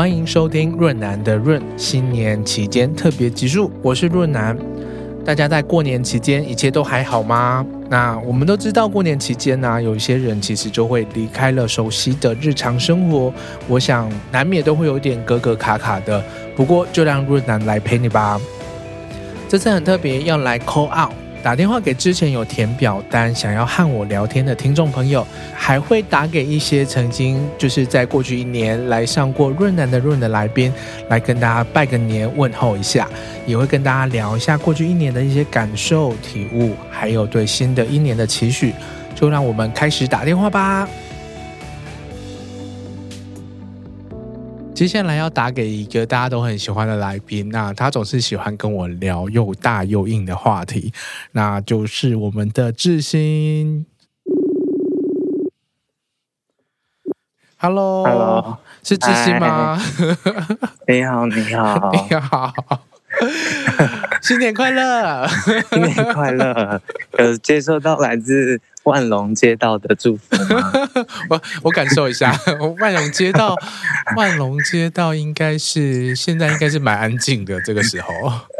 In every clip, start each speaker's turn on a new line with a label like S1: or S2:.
S1: 歡迎收聽潤男的潤新年期間特別集數，我是潤男。大家在過年期間一切都還好嗎？那我們都知道過年期間呢、啊，有一些人其實就會離開了熟悉的日常生活，我想難免都會有點格格卡卡的。不過就讓潤男來陪你吧。這次很特別，要來 call out。打電話給之前有填表單想要和我聊天的聽眾朋友，還會打給一些曾經就是在過去一年來上過潤男的潤的來賓，來跟大家拜個年問候一下，也會跟大家聊一下過去一年的一些感受體悟，還有對新的一年的期許。就讓我們開始打電話吧。接下來要打給一個大家都很喜歡的來賓，那他總是喜歡跟我聊又大又硬的話題，那就是我們的致昕。
S2: Hello，Hello，Hello,
S3: 是致昕嗎？Hi. 你好，你好，你好，新年快樂， 新年快樂。呃，接收到來自。萬隆街道的祝福，
S1: 我我感受一下，萬隆街道，萬隆街道應該是現在應該是蠻安靜的這個時候。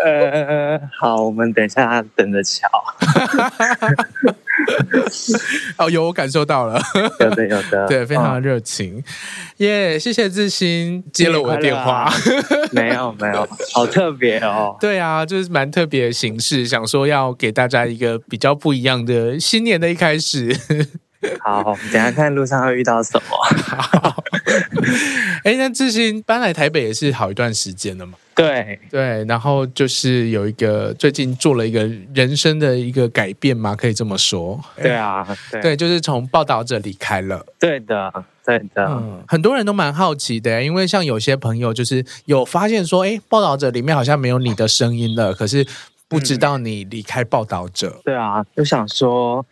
S3: 呃呃呃，好，我們等一下等，等着瞧。 哦，有我感受到了，有 的有
S1: 的，有的對，非常熱情，耶、哦！Yeah, 謝謝致昕接了我的電話，
S3: 沒有沒有，好特別哦，
S1: 對啊，就是蠻特別的形式，想說要給大家一個比較不一樣的新年的一開始。
S4: 好，等一下
S3: 看路上會遇到什
S1: 麼。哎， 那致昕搬來台北也是好一段時間了嘛？對對，然後就是有一個最近做了一個人生的一個改變嘛，可以這麼說？欸、對啊，對，對，就是從報導者離開了。對的，對的、嗯。很多人都蠻好奇的，因為像有些朋友就是有發現說，哎、欸，報導者裡面好像沒有你的聲音了，可是不知道你離開報導者。嗯、
S3: 對啊，就想說。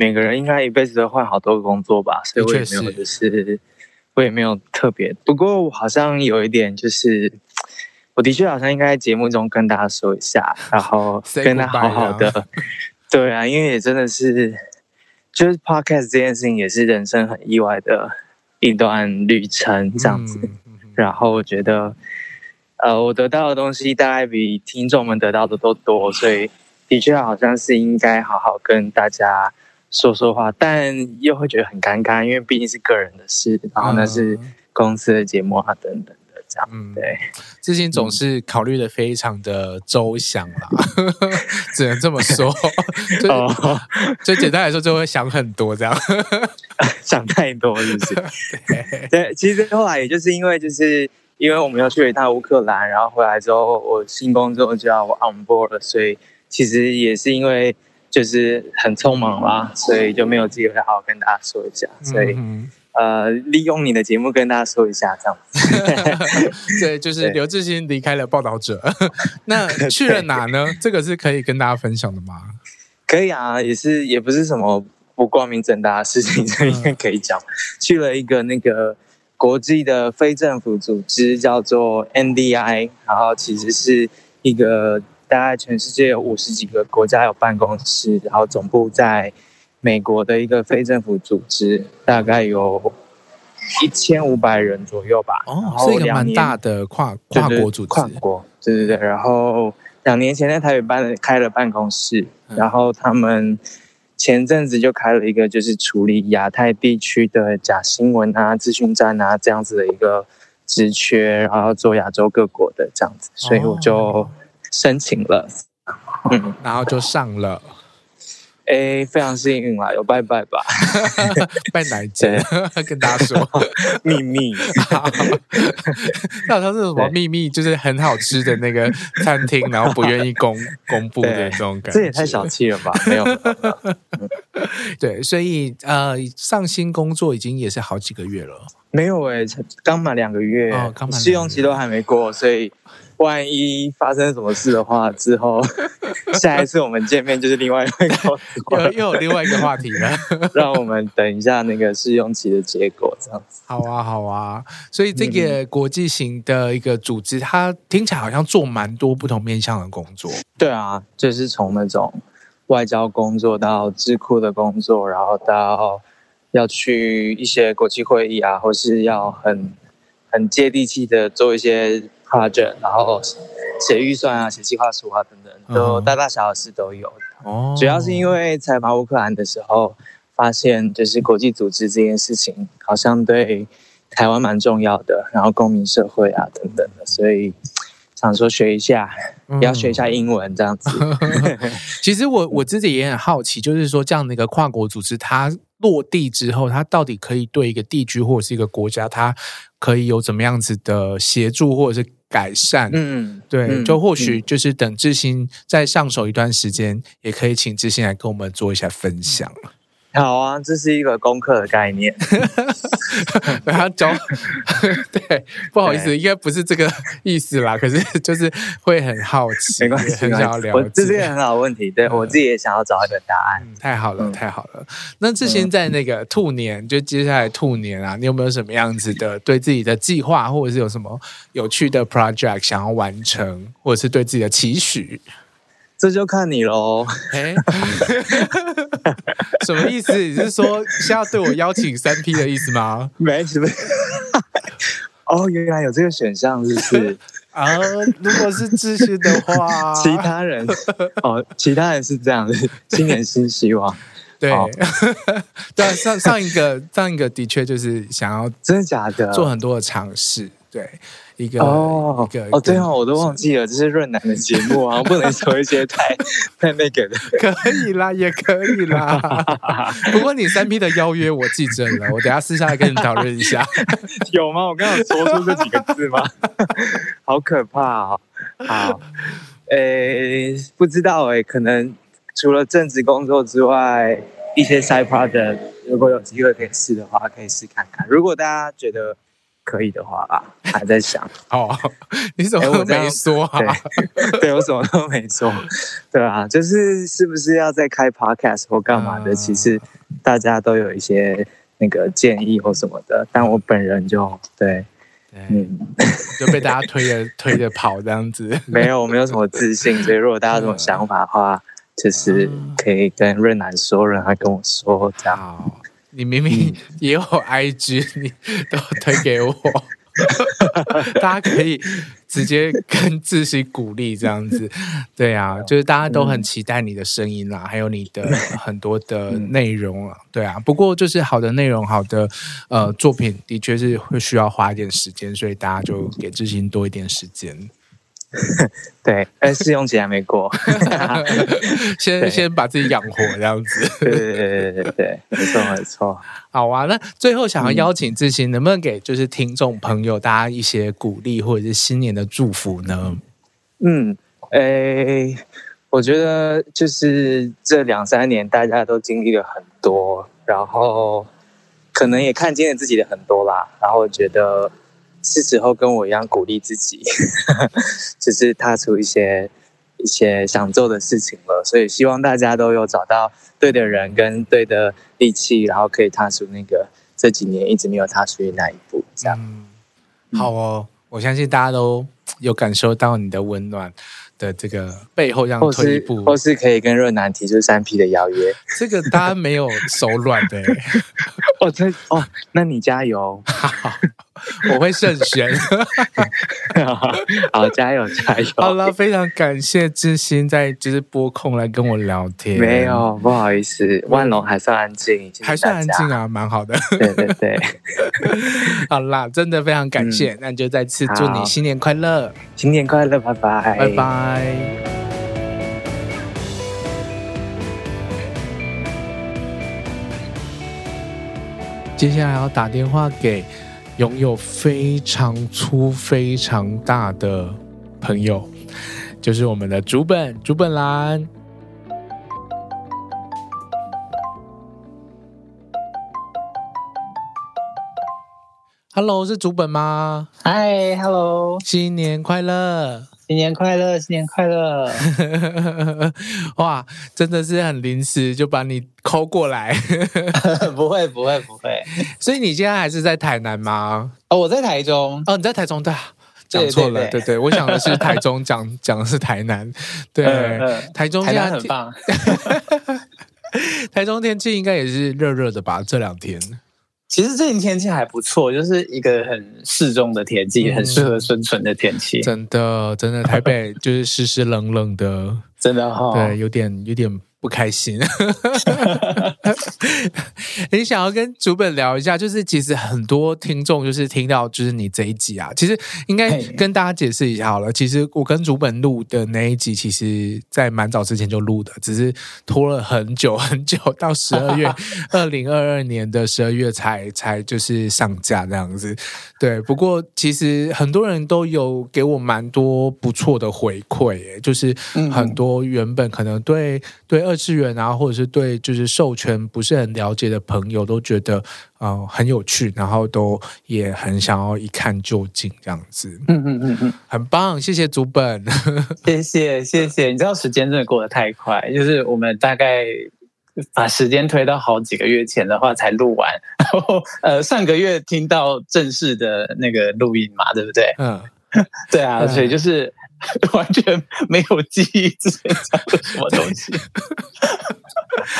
S3: 每個人應該一輩子都換好多個工作吧，所以我也沒有，就是，是我也沒有特別。不過，我好像有一點，就是我的確好像應該在節目中跟大家說一下，然後跟他好好的。對啊，因為也真的是，就是 podcast 這件事情也是人生很意外的一段旅程，這樣子。嗯嗯、然後我覺得，呃，我得到的東西大概比聽眾們得到的都多，所以的確好像是應該好好跟大家說說話，但又會覺得很尷尬，因為畢竟是個人的事，然後那是公司的節目啊等等的，這樣。嗯、對，
S1: 最近總是考慮的非常的周詳啦、啊，嗯、只能這麼說。最最、哦、簡單來說，就會想很
S3: 多，這樣、呃、想太多，是不是？對，對，對，其實後來也就是因為，就是因為我們要去一趟烏克蘭，然後回來之後，我新工作就要我 on board 了，所以其實也是因為。就是很匆忙嘛，所以就沒有機會好好跟大家說一下，嗯、哼所以呃，利用你的節目跟大家說一下這樣
S1: 子。 對，就是劉致昕離開了報導者，
S3: 那去了哪
S1: 呢？ 對這個是可以跟大家分享的嗎？
S3: 可以啊，也是也不是什麼不光明正大的事情，嗯、這邊可以講。去了一個那個國際的非政府組織，叫做 NDI，然後其實是一個。大概全世界有五十幾個國家有辦公室，然後總部在美國的一個非政府組織，大概有一千五百人左右吧。哦，是一個蠻大的
S1: 跨跨國組織對對。跨
S3: 國，對對對。然後兩年前在台北辦開了辦公室，然後他們前陣子就開了一個，就是處理亞太地區的假新聞啊、資訊戰啊這樣子的一個職缺，然後做亞洲各國的這樣子，所以我就。哦申請了，
S1: 嗯、然後就上了。
S3: 哎，非常幸運啦，有拜拜吧， 拜奶至。只對？跟大家說 秘密，
S1: 那 好像是什麼秘密？就是很好吃的那個餐廳，對然後不願意公 公布的這種感覺，這也太小氣了吧？沒有，對，所以呃，上新工作已經也是好幾個月了，沒有哎、欸，才剛滿兩
S3: 個月，試、哦、用期都還沒過，所以。萬一發生什麼事的話，之後下一次我們見面就是另外一個又 又有另外一個話題了。 讓我們等一下那個試用期的結果，這樣子。
S1: 好啊，好啊。所以這個國際型的一個組織，嗯、它聽起來好像做蠻多不同面向的工作。
S3: 對啊，就是從那種外交工作到智庫的工作，然後到要去一些國際會議啊，或是要很很接地氣的做一些。project，然後寫預算啊，寫計劃書啊，等等，都大大小小的事都有的。哦、嗯，主要是因為採訪烏克蘭的時候，發現就是國際組織這件事情好像對台灣蠻重要的，然後公民社會啊等等的，所以想說學一下，也、嗯、要學一下英文這樣
S1: 子。 其實我我自己也很好奇，就是說這樣的一個跨國組織，它落地之後，它到底可以對一個地區或者是一個國家，它可以有怎麼樣子的協助，或者是？改善，嗯，對，嗯，就或許就是等致昕再上手一段時間，嗯嗯，也可以請致昕來跟我們做一下分享。嗯
S3: 好
S1: 啊，這是一個功課的概念。然後教，對，不好意思，對應該不是這個意思啦。可是就是會很好奇，很想要聊。這是一個很好的問題，對、嗯、我自
S3: 己也想要找一個答案。
S1: 嗯、太好了，太好了。嗯、那之前在那個兔年，就接下來兔年啊，你有沒有什麼樣子的對自己的計劃，或者是有什麼有趣的 project 想要完成，或者是對自己的期許？.
S3: 這就看你嘍，哎、欸， 什麼意思？你是說要對我邀請三 P 的意思嗎？沒什麼。哦，原來有這個選項，是不是？啊，如果是自信的話、啊，其他人哦，其他人是這樣的，新年新希望。對，哦、對，
S1: 上上一個，上一個的確就是想要真的假的做很多的嘗試，
S3: 對。哦，個哦，對啊，我都忘記了是這是潤男的節目啊， 我不能說一些太 太那個的，
S1: 可以啦，也可以啦。 不過你三 P 的邀約我記準了，我等下私下來跟你討論一下。
S3: 有嗎？我剛剛說出
S5: 這幾個字嗎？
S3: 好可怕啊、哦！好，誒，不知道誒，可能除了正職工作之外，一些 side project，如果有機會可以試的話，可以試看看。如果大家覺得，可以的話吧，還在想。哦，你什麼都沒說，啊欸。對，對，我什麼都沒說。對啊，就是是不是要再開 podcast 或幹嘛的？嗯、其實大家都有一些那個建議或什麼的，嗯、但我本人就對，對嗯，
S1: 就被大家推着 推着跑這樣子。沒有，我沒有什麼自信。所以，如
S3: 果大家有什麼想法的話，是的就是可以跟潤男說，人還跟我說這樣。
S1: 你明明也有 IG，嗯、你都推給我。 大家可以直接跟致昕鼓勵這樣子，對啊，就是大家都很期待你的聲音啦，嗯、還有你的很多的內容啊，對啊。不過就是好的內容、好的呃作品，的確是會需要花一點時間，所以大家就給致昕多一點時間。 對，哎，試用期還沒過， 先 對先把自己養活這樣子。
S3: 對對對對對，沒錯沒錯。沒錯
S1: 好啊，那最後想要邀請致昕，嗯、能不能給就是聽眾朋友大家一些鼓勵或者是新年的祝福呢？嗯，
S3: 哎，我覺得就是這兩三年大家都經歷了很多，然後可能也看見了自己的很多吧，然後覺得。是時候跟我一樣鼓勵自己， 只是踏出一些一些想做的事情了。所以希望大家都有找到對的人跟對的力氣，然後可以踏出那個這幾年一直沒有踏出去的那一步。這樣、嗯，
S1: 好哦！嗯、我相信大家都有感受到你的溫暖的這個背後
S3: 這樣推，讓退一步或是可以跟潤男提出三 P 的邀約。
S1: 這個大家沒有手軟的。我這哦，那你加油！ 我會勝選，
S3: 好，加油加油！加油好了，
S1: 非常感謝致昕，在就是撥空來跟我聊天， 沒有不
S3: 好意思，萬隆還算安靜，
S1: 還算安靜啊，蠻好的。 對對對， 好啦，真的非常感謝，嗯、那你就再次祝你新
S3: 年快樂，新年快樂，拜拜拜拜。
S1: 接下來要打電話給。擁有非常粗、非常大的朋友，就是我們的竹本竹本嵐。Hello，是竹本嗎
S4: ？Hi，Hello，新年快樂。
S1: 新年快樂，新年快樂！ 哇，真的是很臨時就把你摳過來，
S4: 不會，不會，不
S1: 會。所以你現在還是在台南嗎？哦，我在台
S4: 中。哦，你在台中對？
S1: 講錯了，對對，對，對對，我想的是台中講，講 講的是台南。對， 台中現在台南很棒。 台中天氣應該也是熱
S4: 熱的吧？這兩天。其實最近天氣還不錯，就是一個很適中的天氣，嗯、很適合生存的天氣。真
S1: 的，真的，台北就是濕濕冷冷的， 真的哈、哦，對，有點，有點。不開心， 你想要跟竹本聊一下？就是其實很多聽眾就是聽到就是你這一集啊，其實應該跟大家解釋一下好了。其實我跟竹本錄的那一集，其實，在蠻早之前就錄的，只是拖了很久很久，到十二月二零二二年的十二月才 才就是上架這樣子。對，不過其實很多人都有給我蠻多不錯的回饋、欸，就是很多原本可能對、嗯、對。二次元啊，或者是對就是獸圈不是很了解的朋友，都覺得啊、呃、很有趣，然後都也很想要一看究
S4: 竟這樣子。嗯哼嗯嗯嗯，很棒，謝謝竹本， 謝謝謝謝。你知道時間真的過得太快，就是我們大概把時間推到好幾個月前的話，才錄完。然後呃，上個月聽到正式的那個錄音嘛，對不對？嗯， 對啊，所以就是。嗯 完全沒有記憶之前講的什
S3: 麼東西。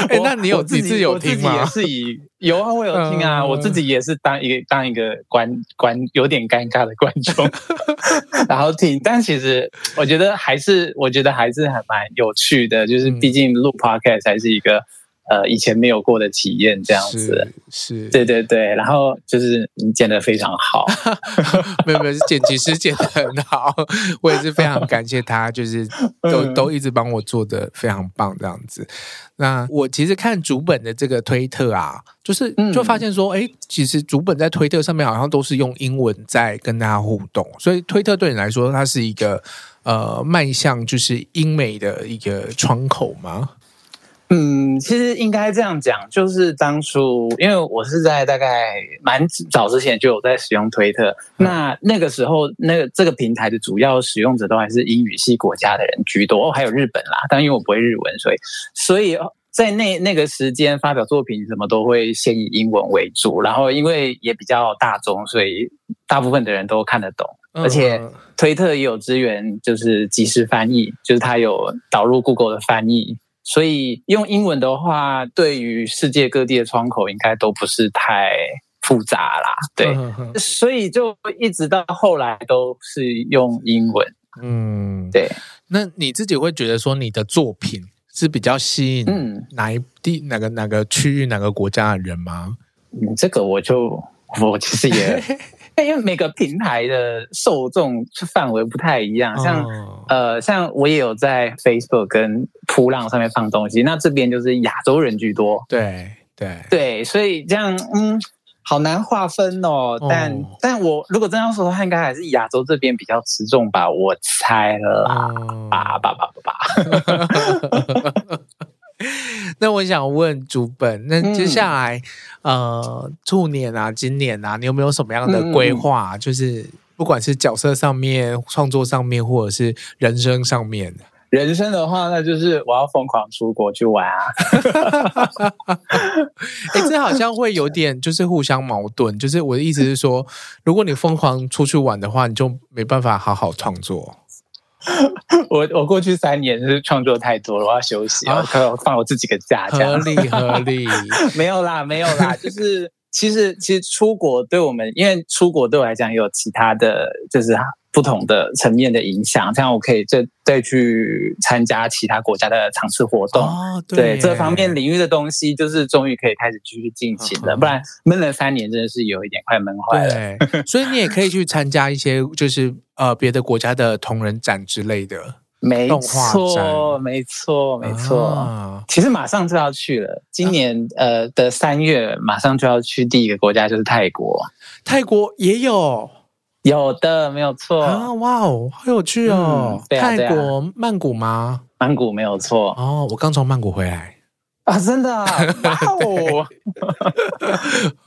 S3: 哎，那你有自己有聽嗎？自
S4: 己，自己有啊，我有聽啊，嗯、我自己也是當一個當一個觀觀有點尷尬的觀眾， 然後聽。但其實我覺得還是我覺得還是還蠻有趣的，就是畢竟錄 Podcast 還是一個。呃，以前沒有過的體驗，這樣子是，是對對對，然後就是你剪的非常好， 沒有沒有，剪輯師剪的很好，
S1: 我也是非常感謝他，就是都、嗯、都一直幫我做的非常棒這樣子。那我其實看竹本的這個推特啊，就是就發現說，哎、嗯欸，其實竹本在推特上面好像都是用英文在跟大家互動，所以推特對你來說，它是一個呃邁向就是英美的
S4: 一個窗口嗎？嗯，其實應該這樣講，就是當初因為我是在大概蠻早之前就有在使用推特，嗯、那那個時候，那個這個平台的主要使用者都還是英語系國家的人居多哦，還有日本啦。但因為我不會日文，所以所以在那那個時間發表作品什麼都會先以英文為主，然後因為也比較大眾，所以大部分的人都看得懂。嗯嗯，而且推特也有支援，就是即時翻譯，就是它有導入 Google 的翻譯。所以用英文的話，對於世界各地的窗口應該都不是太複雜啦。對，呵呵，所以就一直到後來都是用英文。嗯，對。那你自己會覺得說，
S1: 你的作品是比較吸引哪一地，嗯，哪個哪個區域、哪個國家
S4: 的人嗎？嗯，這個我就我其實也。 因為每個平台的受眾範圍不太一樣，像、oh. 呃，像我也有在 Facebook 跟撲 g 上面放東西，那這邊就是亞洲人居多，對對對，所以這樣嗯，好難劃分哦。但、oh. 但我如果真要的說的話，他應該還是亞洲這邊比較持重吧，我猜了啦，八八八八八。吧吧吧
S1: 那我想問竹本，那接下來、嗯、呃，兔年啊，今年啊，你有沒有什麼樣的規劃？嗯嗯，就是不管是角色上面、創作上面，或者是人生上面。
S4: 人生的話，那就是我要瘋狂出國去玩啊！
S1: 誒、 欸、這好像會有點就是互相矛盾。就是我的意思是說，如果你瘋狂出去玩的話，你就沒辦法好好創作。
S4: 我我過去三年就是創作太多了，我要休息，哦、然後放我自己個假，這樣合理合理。沒有啦，沒有啦， 就是其實其實出國對我們，因為出國對我來講也有其他的就是。不同的層面的影響，這樣我可以再再去參加其他國家的嘗試活動。哦、對,對這方面領域的東西，就是終於可以開始繼續進行了，嗯、哼不然悶了三年真的是有一點快悶壞了。所以你也可以去參加一
S1: 些，就是呃別的國家的同人展之類的。沒錯，
S4: 沒錯，沒錯。哦、其實馬上就要去了，今年呃的三月馬上就要去第一個國家就是泰國。泰國也有。
S1: 有的，沒有錯啊！哇哦，好有趣哦！嗯啊、泰國、啊、曼谷嗎？曼谷沒有錯哦。我剛從曼谷回來啊！真的啊！Wow! 對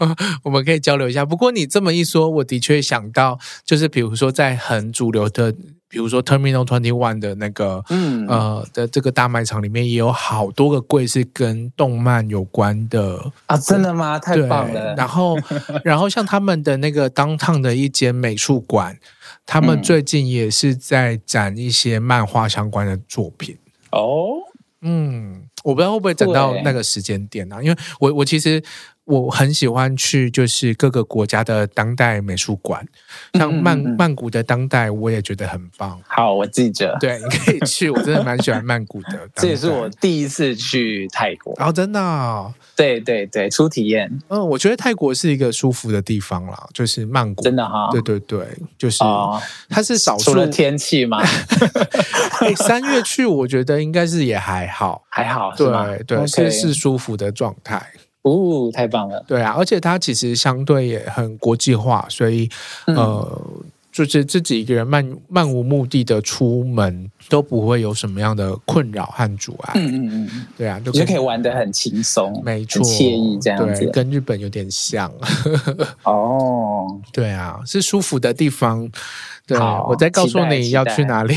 S1: 我們可以交流一下。不過你這麼一說，我的確想到，就是比如說在很主流的。比如說 Terminal 21的那個，嗯，呃的這個大賣場裡面也有好多個櫃是跟動漫有關的啊，
S4: 真的嗎？太棒了。
S1: 然後， 然後像他們的那個 Downtown 的一間美術館，他們最近也是在展一些漫畫相關的作品哦。嗯，我不知道會不會展到那個時間點啊，對因為我我其實。我很喜歡去，就是各個國家的當代美術館，像曼曼谷的當代，我也覺得很棒。
S4: 好，我記着。對，你
S1: 可以去，我真的蠻喜歡曼谷
S4: 的當代。 這也是我第一次去泰
S1: 國。哦，真的、哦？
S4: 對對對，初體驗。嗯，
S1: 我覺得泰國是一個舒服的地方啦，就是曼谷，真的哈、哦。對對對，就
S4: 是、哦、它是少數的天氣嗎？ 欸、
S1: 三月去，我覺得應該是也還好，還好，對對，是是舒服的狀態。哦，太棒了！對啊，而且它其實相對也很國際化，所以、嗯、呃，就是自己一個人漫漫無目的的出門都不會有什麼樣的困擾和阻礙。嗯嗯
S4: 嗯，
S1: 對啊，就，就可以
S4: 玩得很輕鬆，沒錯，愜意這樣子對，
S1: 跟日本有點像。
S4: 哦，對啊，
S1: 是舒服的地方。對，好我再告訴你要去哪裡。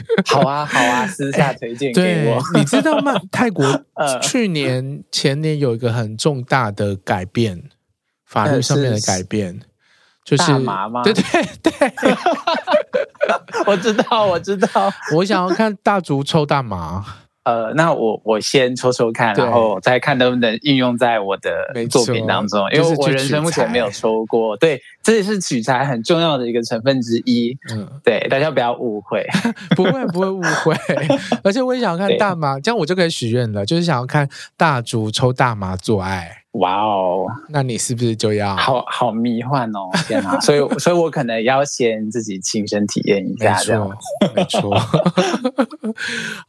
S4: 好啊，好啊，私下推薦給我、欸，對。
S1: 你知道嗎？ 泰國去年前年有一個很重大的改變，呃、法律上面的改變，是就是大麻嗎？對對對，對對 我知道，我知道， 我想要看大竹抽大麻。
S4: 呃，那我我先抽抽看，對然後再看能不能應用在我的作品當中，錯因為我人生目前沒有抽過，對，這也是取材很重要的一個成分之一。嗯，對，大家不要誤會， 不會不會
S1: 誤會， 而且我也想要看大麻，對這樣我就可以許願了，就是想要看大竹抽大麻做愛。
S4: 哇哦！Wow, 那你是不是就要好好迷幻哦？天啊！ 所以，所以我可能要先自己親身體驗一下，這樣沒錯。沒錯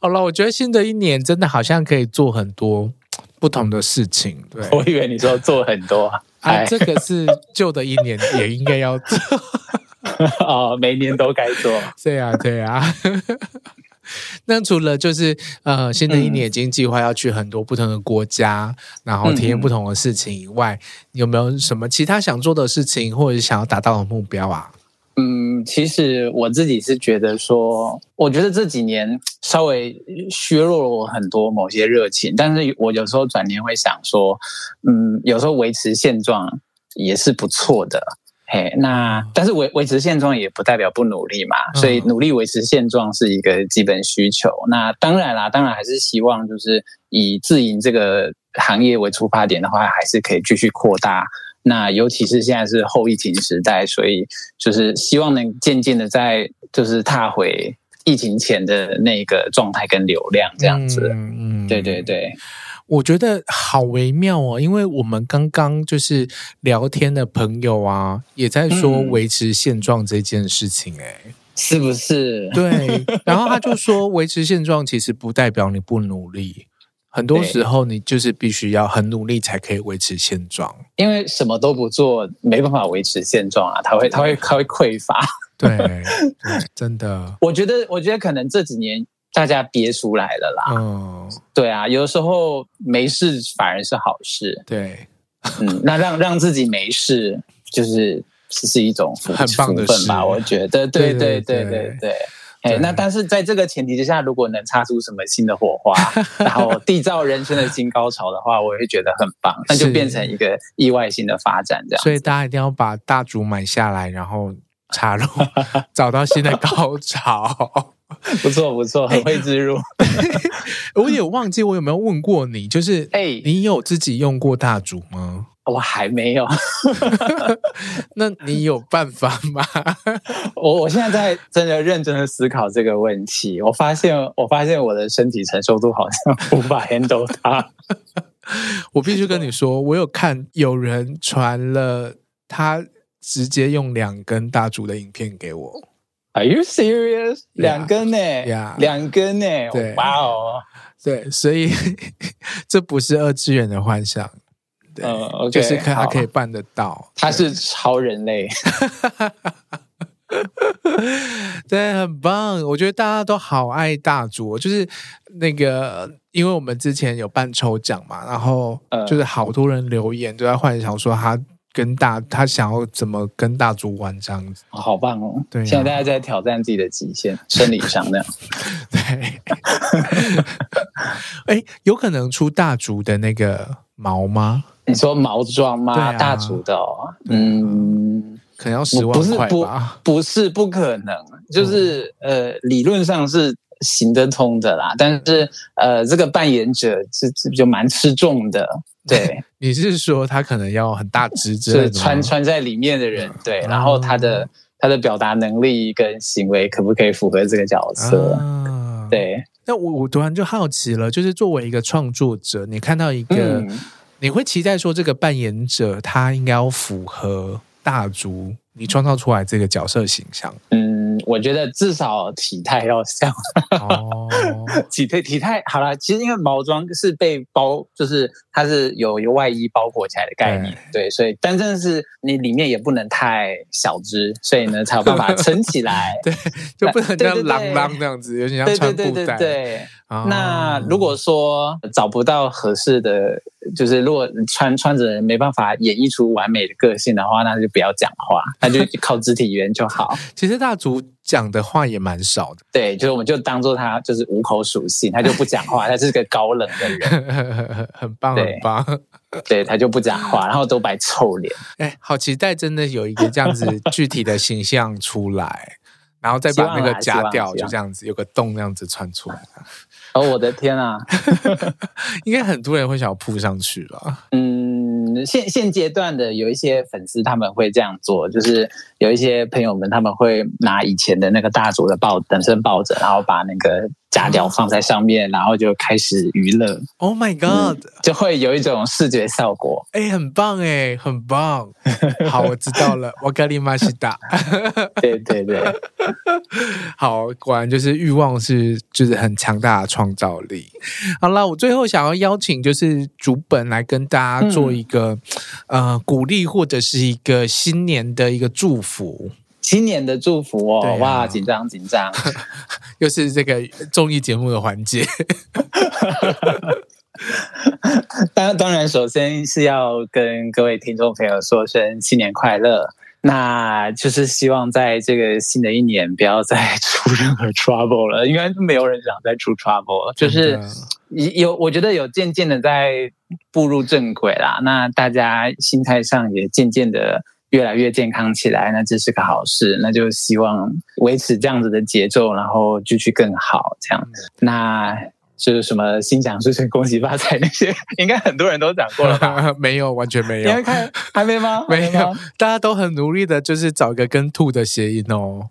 S4: 好啦，我覺得
S1: 新的一年真的好像可以做很多不同的事情。嗯、
S4: 對，我以為你說做很多
S1: 啊， 這個是舊的一年也應該要做
S4: 哦，每年都該做。
S1: 對啊，對啊。 那除了就是呃，新的一年已經計劃要去很多不同的國家，嗯、然後體驗不同的事情以外，嗯、有沒有什麼其他想做的事情，或者想要達到的目標啊？嗯，
S4: 其實我自己是覺得說，我覺得這幾年稍微削弱了我很多某些熱情，但是我有時候轉念會想說，嗯，有時候維持現狀也是不錯的。哎，Hey, 那但是維維持現狀也不代表不努力嘛，嗯、所以努力維持現狀是一個基本需求。那當然啦，當然還是希望就是以自營這個行業為出發點的話，還是可以繼續擴大。那尤其是現在是後疫情時代，所以就是希望能漸漸的在就是踏回疫情前的那個狀態跟流量這樣子。嗯嗯、對對對。
S1: 我覺得好微妙哦，因為我們剛剛就是聊天的朋友啊，也在說維持現狀這件事情、欸，哎、嗯，是不是？對。然後他就說，維持現狀其實不代表你不努力，很多時候你就是必須要很努力才可以維持現
S4: 狀，因為什麼都不做沒辦法維持現狀啊，他會，對他會，他會匱乏。對，對，
S1: 真的。
S4: 我覺得，我覺得可能這幾年。大家憋出來了啦，
S1: 嗯、
S4: 對啊，有時候沒事反而是好事。對,嗯，那讓讓自己沒事，就是這是一種很棒的事吧？我覺得，對對對對對,對,對。哎對，那但是在這個前提之下，如果能擦出什麼新的火花，對然後締造人生的新高潮的話， 我會覺得很棒。那就變成一個意外性的發展，這樣。所
S1: 以大家一定要把大竹買下來，然後插入， 找到新的高潮。
S4: 不錯，不錯，很會置入。
S1: 欸、 我也忘記我有沒有問過你，就是，哎，你有自己用過大竹嗎？
S4: 欸？我還沒有。 那你有辦法嗎？ 我我現在在真的認真的思考這個問題。我發現，我發現我的身體承受度好像無法 handle 它。
S1: 我必須跟你說，我有看有人傳了他直接用兩根大竹的影片給我。Are you serious？Yeah, 兩根呢、欸？Yeah, 兩根呢？哇哦，對，所以 這不是二次元的幻想，
S4: 對，呃、okay, 就是他可以辦得到，啊、對他是超人類，
S1: 對，很棒。我覺得大家都好愛大竹，就是那個，因為我們之前有辦抽獎嘛，然後就是好多人留言都在幻想說他。跟大他想要怎麼跟大竹玩這樣子，哦，好棒哦！對、啊，現在大
S4: 家在挑戰自己的極限，生理 上那
S1: 樣。對，哎、 欸，有可能出大竹的那個毛嗎？你說毛
S4: 裝嗎？啊、大竹的、哦，啊、嗯，可能要十萬塊吧？不是，不，不，是不可能，就是、嗯、呃，理論上是行得通的啦。但是呃，這個扮演者是就蠻吃重的。
S1: 對， 你是說他可
S4: 能要很大隻，是穿穿在裡面的人，啊、對，然後他的、啊、他的表達能力跟行為可不可以符合這個角色？啊、對，
S1: 那我我突然就好奇了，就是作為一個創作者，你看到一個，嗯、你會期待說這個扮演者他應該要符合大竹你創造出來這個角色形象？
S4: 嗯，我覺得至少體態要像，哦、 體態體態好了，其實因為毛裝是被包，就是。它是有由外衣包裹起來的概念，欸、對，所以但真的是你裡面也不能太小只，所以呢才有辦法撐起來， 對，就不能像狼狼這樣子，對對對，有點像穿布袋，對。那如果說找不到合適的，就是如果穿穿着沒辦法演繹出完美的個性的話，那就不要講話，那就靠肢體語言就好。 其實大竹。講的話也蠻少的，對，就是我們就當做他就是無口屬性，他就不講話， 他是個高冷的人， 很棒，對很棒， 對他就不講話，然後都擺臭臉，哎、
S1: 欸，好期待真的有一個這樣子具體的形象出來， 然後再把那個夾掉，就這樣子有個洞，這樣子穿出來， 哦，我的天啊，
S4: 應該很多
S1: 人會想要撲上去吧，嗯。
S4: 現現階段的有一些粉絲他們會這樣做，就是有一些朋友們他們會拿以前的那個大竹的抱等身抱枕，然後把那個。假料放在上面，然後就開始娛樂。Oh my god！、嗯、就會有一種視覺效果。
S1: 哎、欸，很棒哎、欸，很棒。 好，我知道了。瓦格里馬西打。對對對。好，果然就是慾望是，就是很強大的創造力。好啦，我最後想要邀請就是竹本來跟大家做一個、嗯、呃鼓勵或者是一個新年的一個祝福。新年的祝福
S4: 哦，啊、哇，緊張緊張，又是這個綜藝節目的環節。當 當然，首先是要跟各位聽眾朋友說聲新年快樂。那就是希望在這個新的一年不要再出任何 trouble 了，應該沒有人想再出 trouble 的。就是有，我覺得有漸漸的在步入正軌啦。那大家心態上也漸漸的。越來越健康起來，那這是個好事，那就希望維持這樣子的節奏，然後就去更好這樣子。嗯、那就是什麼心想事成、恭喜發財那些，應該很多人都講過了
S1: 吧？ 沒有，完全沒有。你要
S4: 看 還沒嗎？沒有，
S1: 沒大家都很努力的，就是找一個跟“兔”的諧音哦。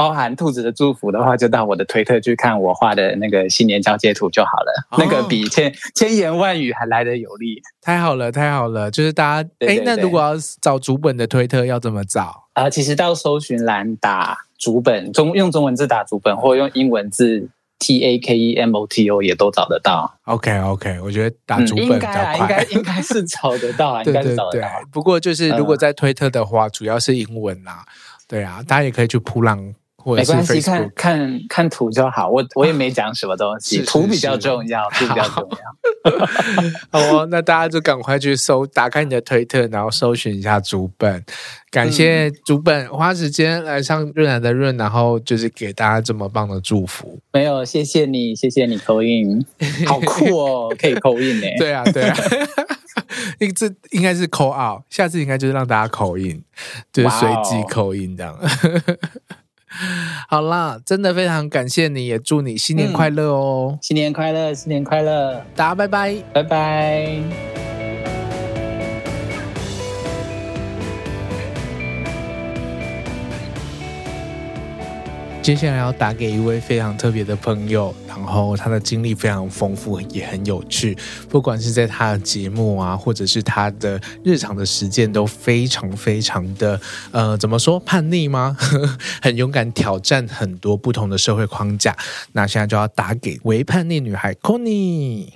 S4: 包含兔子的祝福的話，就到我的推特去看我畫的那個新年交接圖就好了。哦、那個比千千言萬語還來得有力。
S1: 太好了，太好了！就是大家，哎、欸，那如果要找竹本的推特要怎麼找
S4: 啊、呃？其實到搜尋欄打“竹本”中用中文字打“竹本”或用英文字 “T A K E M O T O” 也都找得到。
S1: OK OK，我覺得打竹本、嗯、應該、啊、應該應該是，、啊、 對是找得到，找得到。不過就是如果在推特的
S4: 話，呃、主要是英文啦。
S1: 對啊，大家也可以去噗浪。沒關係，看
S4: 看看圖就好。我我也沒講什麼東西，圖比較重要，圖比較
S1: 重要。好， 好、哦，那大家就趕快去搜，打開你的推特，然後搜尋一下竹本。感謝竹本、嗯、花時間來上潤蘭的潤，然後就是給大家這麼棒的祝福。
S4: 沒有，謝謝你，謝謝你 call in，好酷哦， 可以 call in 呢。對
S1: 啊，對啊， 這應該是 Call Out，下次應該就是讓大家 call in，就是隨機 call in 這樣。 好啦，真的非常感謝你，也祝你新年快樂哦。嗯，新年快樂，新年快樂，大家拜拜，拜拜。接下來要打給一位非常特別的朋友，然後他的經歷非常豐富，也很有趣。不管是在他的節目啊，或者是他的日常的實踐，都非常非常的，呃，怎麼說叛逆嗎？ 很勇敢挑戰很多不同的社會框架。那現在就要打給“唯叛逆女孩 ”Connie。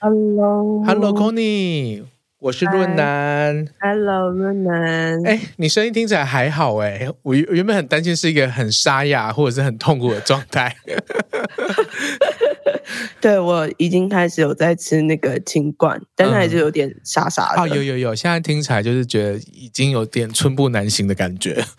S5: Hello，Hello，Connie。
S1: 我是潤男
S2: ，Hello，潤男。哎、
S1: 欸，你聲音聽起來還好。哎、欸，我我原本很擔心是一個很沙啞或者是很痛苦的狀態。
S2: 對，我已經開始有在吃那個清冠，但是還是有點沙沙的。嗯 oh, 有
S1: 有有，現在聽起來就是覺得已經有點寸步難行的感覺。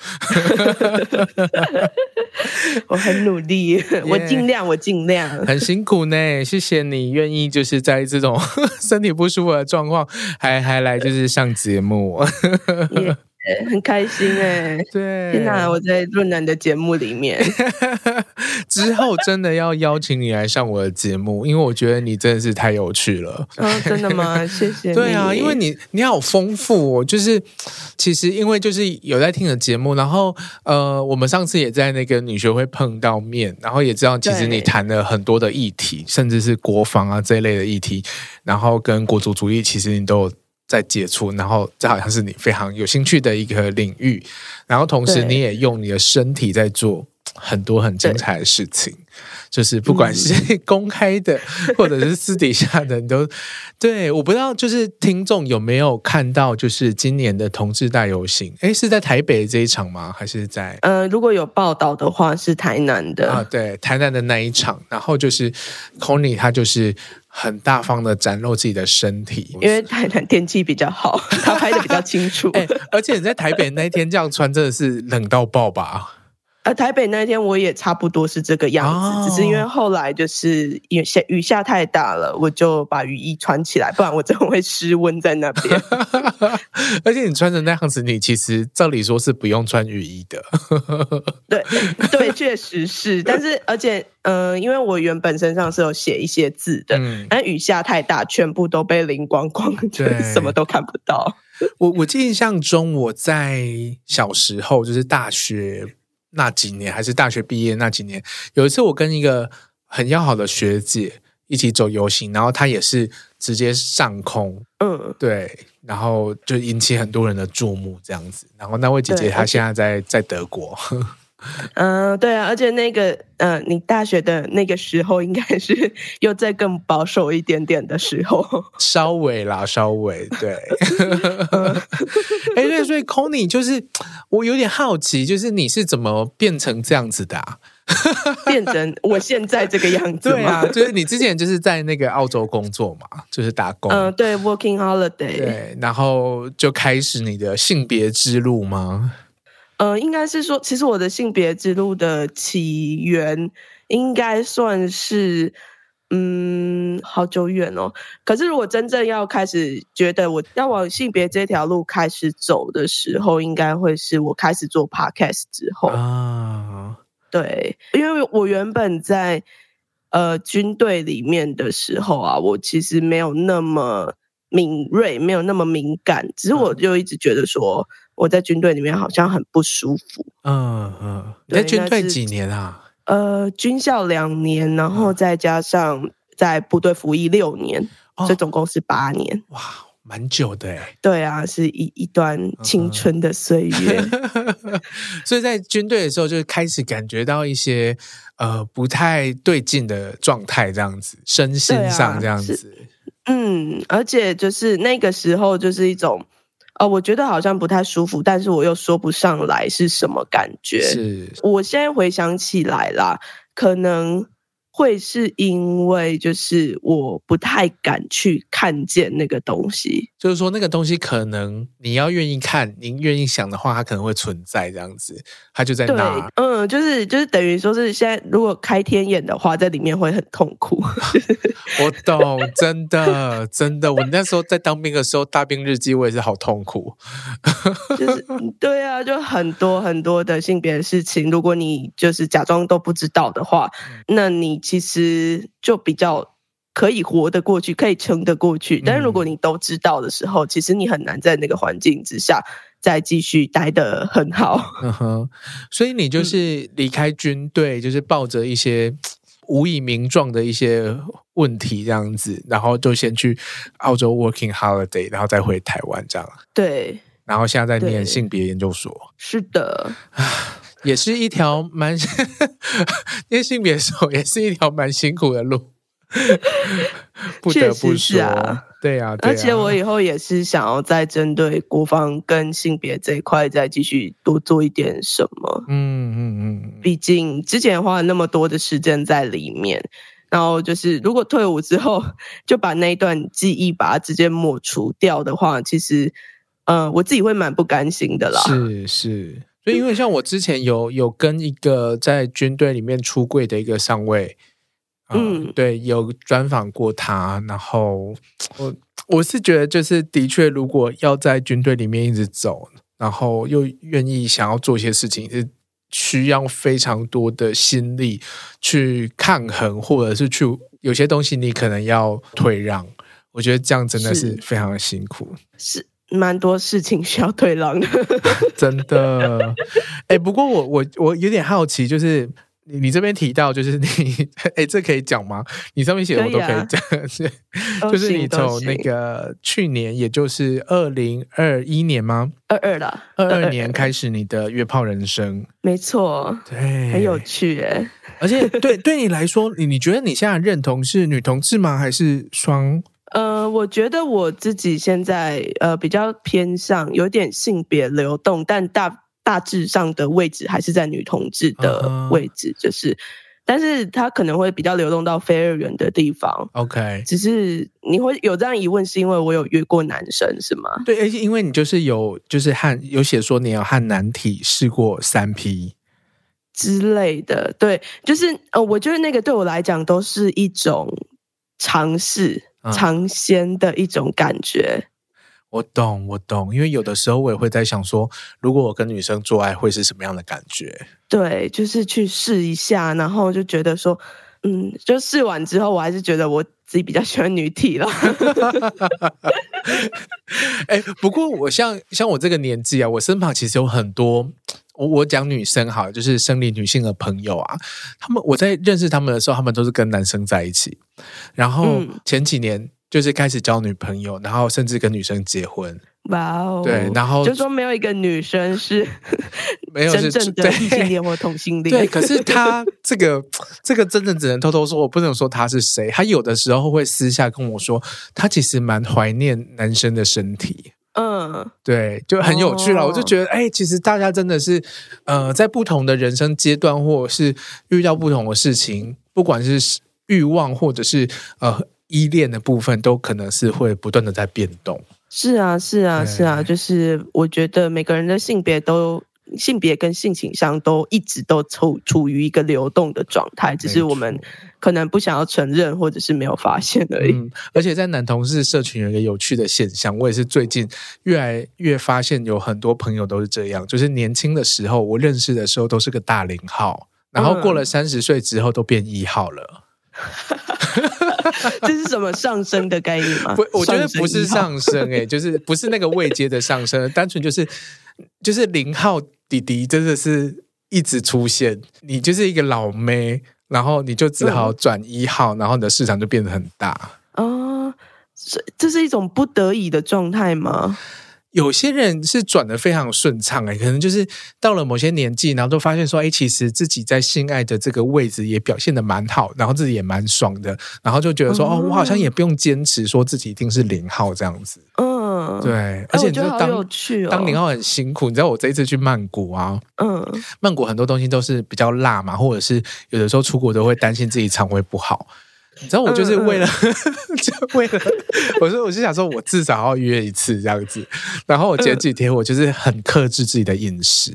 S2: 我很努力，yeah, 我盡量，我盡量。
S1: 很辛苦呢，謝謝你願意就是在這種身體不舒服的狀況還還來就是上節目。 yeah.
S2: 欸、很開心哎、欸！對，天哪！我在潤男的節目裡面， 之
S1: 後真的要邀請你來上我的節目， 因為我覺得你真的是太有趣了。嗯、哦，真
S2: 的嗎？謝謝。 對啊，因為
S1: 你你好豐富哦，就是其實因為就是有在聽你的節目，然後呃，我們上次也在那個女學會碰到面，然後也知道其實你談了很多的議題，對甚至是國防啊這一類的議題，然後跟國族主義，其實你都有。在解除，然後這好像是你非常有興趣的一個領域，然後同時你也用你的身體在做，很多很精彩的事情，對就是不管是公開的、嗯、或者是私底下的，你都對我不知道。就是聽眾有沒有看到，就是今年的同志大遊行？誒是在台北這一場嗎？還是在
S2: 呃，如果有報道的話，是台南的啊、哦？對，台
S1: 南的那一場。然後就是，摳尼他就是很大方的展露自己的身體，因
S2: 為台南天氣比較
S1: 好， 他拍的比較清楚。誒，而且你在台北那一天這樣穿，真的是冷到爆吧？
S2: 而台北那天我也差不多是這個樣子，哦、只是因為後來就是雨下雨下太大了，我就把雨衣穿起來，不然我真的會失溫在那邊。
S1: 而且你穿成那樣子，你其實照理說是不用穿雨衣的。
S2: 對。 對，確實是，但是而且，嗯、呃，因為我原本身上是有寫一些字的，嗯、但雨下太大，全部都被淋光光，就對什
S1: 麼都看不到。我我印象中，我在小時候就是大學。那幾年還是大學畢業那幾年，有一次我跟一個很要好的學姐一起走遊行，然後她也是直接上空，嗯，對，然後就引起很多人的注目，這樣子。然後那位姐姐她現在在對在德國。
S2: 嗯，對啊，而且那個，嗯、呃，你大學的那個時候，應該是又再更保守一點點的時候，稍微啦，
S1: 稍微對。
S2: 哎、 嗯欸，對，所以，Connie，就是
S1: 我有點好奇，就是你是怎麼變成這樣子的？啊。
S2: 變成我現在這個樣子嘛，啊。就是你
S1: 之前就是在那個澳洲工作嘛，就是打工，
S2: 嗯，對，對，Working Holiday，對，
S1: 然後就開始你的性別之路嗎？
S2: 呃，應該是說，其實我的性別之路的起源應該算是，嗯，好久遠哦。可是，如果真正要開始覺得我要往性別這條路開始走的時候，應該會是我開始做 podcast 之後啊。Oh. 對，因為我原本在呃軍隊裡面的時候啊，我其實沒有那麼敏銳，沒有那麼敏感，只是我就一直覺得說，我在軍隊裡面好像很不舒服。嗯嗯，嗯對你在軍隊幾年啊？呃，軍校兩年，然後再加上在部隊服役六年，這、嗯、總共是八年。哦、哇，蠻久的耶。對啊，是一一段青春的歲月。嗯、
S1: 所以在軍隊的時候，就開始感覺到一些呃不太對勁的狀態，這樣子，身心上這樣子。啊、
S2: 嗯，而且就是那個時候，就是一種。呃、哦、我覺得好像不太舒服，但是我又說不上來是什麼感覺。是，我現在回想起來啦，可能。會是因為就是我不太敢去看見那個東西，
S1: 就是說那個東西可能你要願意看，你願意想的話，它可能會存在這樣子，它就在那。對。嗯，
S2: 就是就是等於說是現在如果開天眼的話，在裡面會很痛苦。
S1: 我懂，真的真的，我那時候在當兵的時候，大兵日記我也是好痛苦。
S2: 就是對啊，就很多很多的性別的事情，如果你就是假裝都不知道的話，那你。其實就比較可以活得過去，可以撐得過去。但是如果你都知道的時候，嗯、其實你很難在那個環境之下再繼續待得很好。嗯
S1: 哼、所以你就是離開軍隊，嗯、就是抱着一些無以名狀的一些問題這樣子，然後就先去澳洲 working holiday，然後再回台灣這樣。對。然後現在在念性別研究所。
S2: 是的。
S1: 也是一條蠻，捏性別手也是一條蠻辛苦的路 ，
S2: 不得不說。是啊對啊，對啊，而且我以後也是想要再針對國防跟性別這一塊再繼續多做一點什麼，嗯嗯嗯，畢、嗯嗯、竟之前花了那麼多的時間在裡面，然後就是如果退伍之後就把那一段記憶把它直接抹除掉的話，其實，嗯、呃，我自己會蠻不甘心的啦，是是。是所以，因為像我之前有有跟一個在軍隊裡面出櫃的一個上
S1: 尉，嗯、呃，對，有專訪過他。然後我，我我是覺得，就是的確，如果要在軍隊裡面一直走，然後又願意想要做一些事情，是需要非常多的心力去抗衡，或者是去有些東西你可能要退讓。我覺得這樣真的是非常的辛苦。是。是
S2: 蠻多事情需要退讓的
S1: 真的。哎、欸，不過我我我有點好奇，就是你你這邊提到，就是你，哎、欸，這可以講嗎？你上面寫的我都可以講，可以啊、 就是你從那個去年，都行。也就是二零二一年嗎？二二啦，二二年開始你的約炮人生，
S2: 沒錯，對，很有趣哎、欸。而且對對
S1: 你來說，你你覺得你現在認同是女同志嗎？還是雙？
S2: 呃，我覺得我自己現在呃比較偏向有點性別流動，但大大致上的位置還是在女同志的位置，就是，uh huh. 但是他可能會比較流動到非二元的地方。OK，只是你會有這樣疑問，是因為我有約過男生是嗎？
S1: 對，而且因為你就是有就是和有寫說你有和男體試過三 P
S2: 之類的，對，就是呃，我覺得那個對我來講都是一種嘗試。嘗鮮、嗯、的一種感覺，
S1: 我懂，我懂。因為有的時候我也會在想說，如果我跟女生做愛會是什麼樣的感覺？
S2: 對，就是去試一下，然後就覺得說，嗯，就試完之後，我還是覺得我自己比較喜歡女體了、 欸。不過我像像我這個
S1: 年紀啊，我身旁其實有很多。我我講女生好，就是生理女性的朋友啊，他們我在認識他們的時候，他們都是跟男生在一起，然後前幾年就是開始交女朋友，嗯、然後甚至跟女生結婚。
S2: 哇哦，對，然後就說沒有一個女生是
S1: 沒有是真正的
S2: 同性戀對， 對，可是他這個這個
S1: 真正只能偷偷說，我不能說他是誰。他有的時候會私下跟我說，他其實蠻懷念男生的身體。嗯，對，就很有趣了。哦、我就覺得，哎、欸，其實大家真的是，呃，在不同的人生階段，或者是遇到不同的事情，不管是慾望或者是呃依戀的部分，都可能是會不斷
S2: 的在變動。是啊，是啊，對是啊，就是我覺得每個人的性別都。性別跟性傾向都一直都處處於一個流動的狀態，沒錯。只是我們可能不想要承認，或者是沒有發現而已、嗯。而且在男同事社群有一個
S1: 有趣的現象，我也是最近越來越發現，有很多朋友都是這樣，就是年輕的時候我認識的時候都是個大零號，嗯、然後過了三十歲之後都變一號了。
S2: 這是什麼上升的概念嗎？不，我覺得不是上升、欸，哎，就
S1: 是不是那個位階的上升，單純就是。就是零號弟弟真的是一直出現，你就是一個老妹，然後你就只好轉一號，對然後你的市場就變得很大啊。
S2: 這、哦、這是一種
S1: 不得已的狀態嗎？有些人是轉得非常順暢哎，可能就是到了某些年紀，然後就發現說，哎，其實自己在性愛的這個位置也表現得蠻好，然後自己也蠻爽的，然後就覺得說，嗯嗯哦，我好像也不用堅持說自己一定是零號這樣子，
S2: 嗯。對，而且你知道當覺得好，哦、當年後
S1: 很辛苦，你知道我這一次去曼谷啊，嗯、曼谷很多東西都是比較辣嘛，或者是有的時候出國都會擔心自己腸胃不好，你知道我就是為了、嗯、 就為了，我說我是想說，我至少要約一次這樣子，然後我前幾天我就是很克制自己的飲食，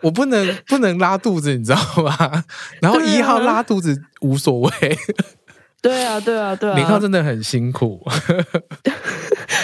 S1: 我不能不能拉肚子，你知道嗎？然後一號拉肚子
S2: 無所謂。嗯 對啊，對啊，對啊！零號真的很辛苦。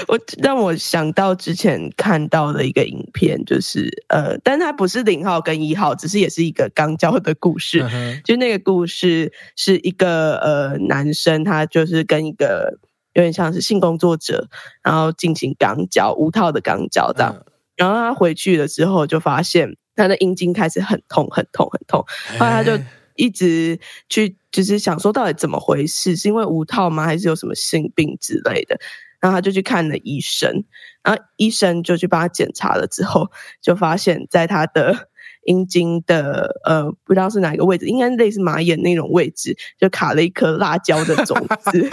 S2: 我讓我想到之前看到的一個影片，就是呃，但它不是零號跟一號，只是也是一個肛交的故事。嗯、哼就那個故事是一個呃男生，他就是跟一個有點像是性工作者，然後進行肛交無套的肛交這樣。嗯、然後他回去的時候，就發現他的陰莖開始很痛、很痛、很痛、嗯。後來他就一直去。就是想說到底怎麼回事，是因為無套嗎，還是有什麼性病之類的？然後他就去看了醫生，然後醫生就去幫他檢查了之後，就發現在他的陰莖的呃，不知道是哪一個位置，應該類似馬眼那種位置，就卡了一顆辣椒的種子。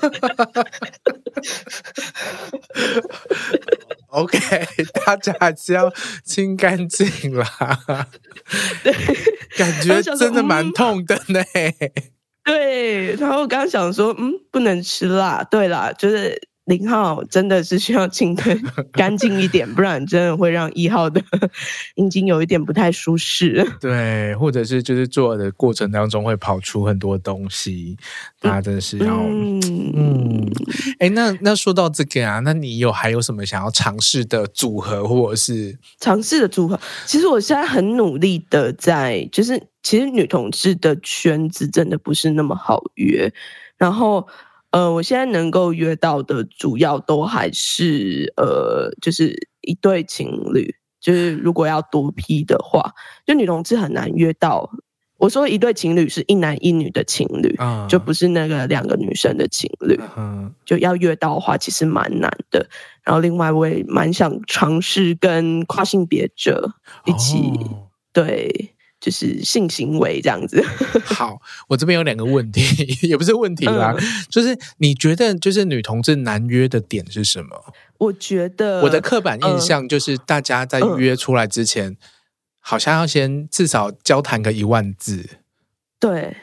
S2: 哈，
S1: OK，大家還是要清乾淨啦。對， 感覺真的蠻痛的呢。 說嗯、
S2: 對，然後我剛想說，嗯，不能吃辣。對啦，就是。零號真的是需要清退，乾淨一點， 不然真的會讓一號的陰莖有一點不太舒適。
S1: 對，或者是就是做的過程當中會跑出很多東西，那真的是要嗯。哎、嗯欸，那那說到這個啊，那你有還有什麼
S2: 想要嘗試的組合，或者是嘗試的組合？其實我現在很努力的在，就是其實女同志的圈子真的不是那麼好約，然後。呃，我現在能夠約到的主要都還是呃，就是一對情侶。就是如果要多 P 的話，就女同志很難約到。我說一對情侶是一男一女的情侶，就不是那個兩個女生的情侶。嗯，就要約到的話，其實蠻難的。然後另外我也蠻想嘗試跟跨性別者一起、哦、對。就是性行為這樣子。好，我這邊有兩個問題，嗯、也不是
S1: 問題啦，嗯、就是你覺得就是女同志難約的點是什麼？我覺
S2: 得我的刻板印象
S1: 就是大家在約出來之前，嗯、好像要先至少交談個一萬字。
S2: 對，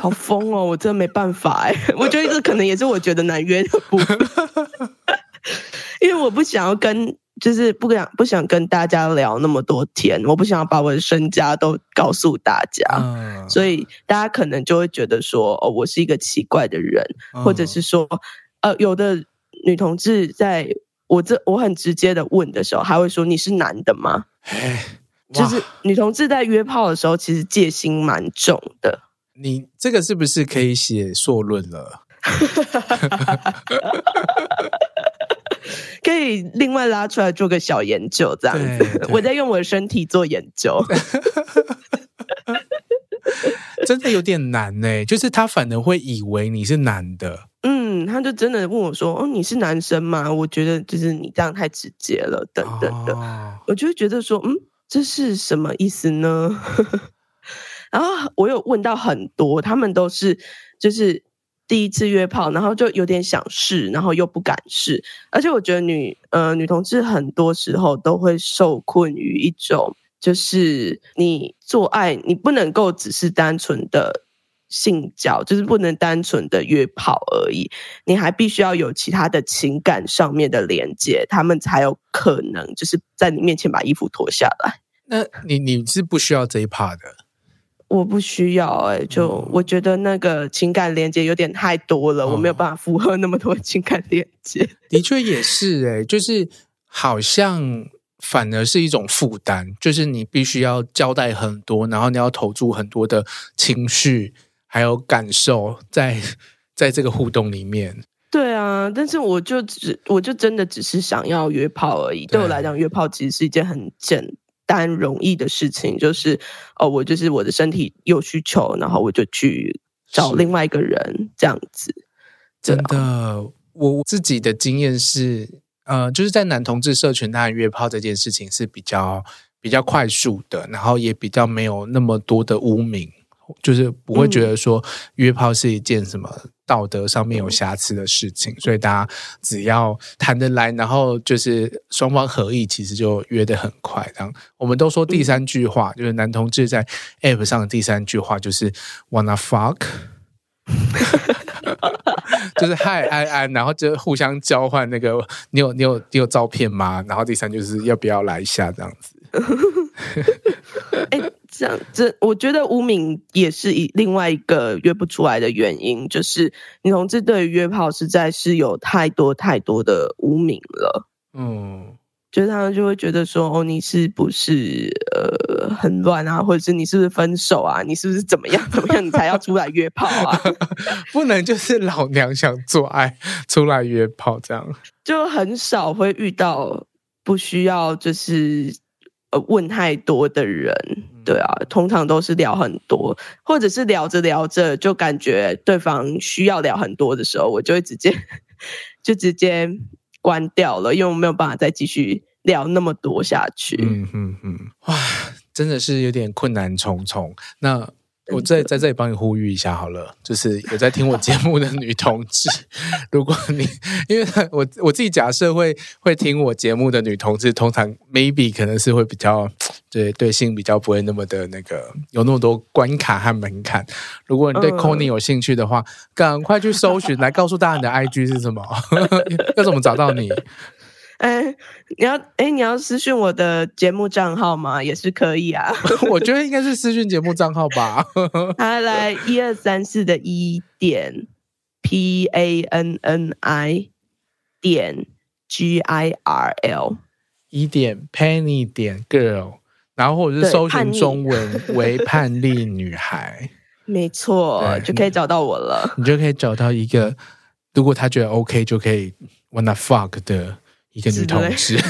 S2: 好瘋哦！我真的沒辦法哎、欸， 我覺得這可能也是我覺得難約的部分，不 因為我不想要跟。就是不想不想跟大家聊那麼多天，我不想要把我的身家都告訴大家，嗯、所以大家可能就會覺得說，哦，我是一個奇怪的人，嗯、或者是說，呃，有的女同志在我這我很直接的問的時候，還會說，你是男的嗎？就是女同志在約炮的時候，其實戒心蠻重的。你這個是不是可以寫碩論了？ 可以另外拉出來做個小研究，這樣子。 我在用我的身體做研究， 真的
S1: 有點難呢、欸。就是他反而會以為你是男的，
S2: 嗯，他就真的問我說：“哦，你是男生嗎？”我覺得就是你這樣太直接了，等等的，哦、我就會覺得說：“嗯，這是什麼意思呢？” 然後我有問到很多，他們都是就是。第一次約炮，然後就有點想試，然後又不敢試。而且我覺得女呃女同志很多時候都會受困於一種，就是你做愛你不能夠只是單純的性交，就是不能單純的約炮而已，你還必須要有其他的情感上面的連接，他們才有可能就是在你面前把衣服脫下來。那你你是不需要
S1: 這一趴的。
S2: 我不需要哎、欸，就、嗯、我覺得那個情感連接有點太多了，哦、我沒有辦法符合那麼多情感連接。的確也是哎、欸，就是
S1: 好像反而是一種負擔，就是你必須要交代很多，然後你要投注很多的情緒還有感受在在這個互動裡面。
S2: 對啊，但是我就只，我就真的只是想要約炮而已。對，對我來講，約炮其實是一件很正，但容易的事情就是，哦，我就是我的身體有需求，然後我就去找另外一個人是這樣子。真的，
S1: 啊、我自己的經驗是，呃，就是在男同志社群，當然約炮這件事情是比較比較快速的，然後也比較沒有那麼多的污名，就是不會覺得說約炮是一件什麼。嗯道德上面有瑕疵的事情，嗯、所以大家只要談得來，然後就是雙方合意，其實就約得很快這樣。然後我們都說第三句話，嗯、就是男同志在 App 上的第三句話就是 “wanna fuck”，就是嗨安安，然後就互相交換那個你有你有你有照片嗎？然後第三句就是要不要來一下這樣子。
S2: 欸這樣，這，我覺得無名也是一另外一個約不出來的原因，就是女同志對於約炮實在是有太多太多的無名了。嗯，就是他們就會覺得說，哦，你是不是呃很亂啊，或者是你是不是分手啊，你是不是怎麼樣怎麼樣，你才要出來約炮啊？ 不能就是老娘想做愛出來約炮這樣，就很少會遇到不需要就是。問太多的人，對啊，通常都是聊很多，或者是聊着聊着，就感覺對方需要聊很多的時候，我就會直接就直接關掉了，因為我沒有辦法再繼續聊那麼多下去。
S5: 嗯嗯嗯，
S2: 哇，真的是有點
S1: 困難重重。那。我在在這裡幫你呼籲一下好了，就是有在聽我節目的女同志，如果你因為我我自己假設會會聽我節目的女同志，通常 maybe 可能是會比較對對性比較不會那麼的那個有那麼多關卡和門檻。如果你對摳尼有興趣的話，趕快去搜尋來告訴大家你的 IG 是什麼？ 要怎麼找到你？
S2: 哎、欸，你要哎、欸，你要私訊我的節目賬號嗎？也是可以啊。 我覺得應該是私訊節目賬號吧。好， 來一二三四的一點 p a n n i 點 g i r l 一點 penny 點
S1: girl，然後
S2: 或者是搜尋中文為“叛
S1: 逆女孩”，
S2: 沒錯錯，對就可以找到我了
S1: 你。你就可以找到一個，如果他覺得 OK，就可以 when I fuck 的。一個女同事。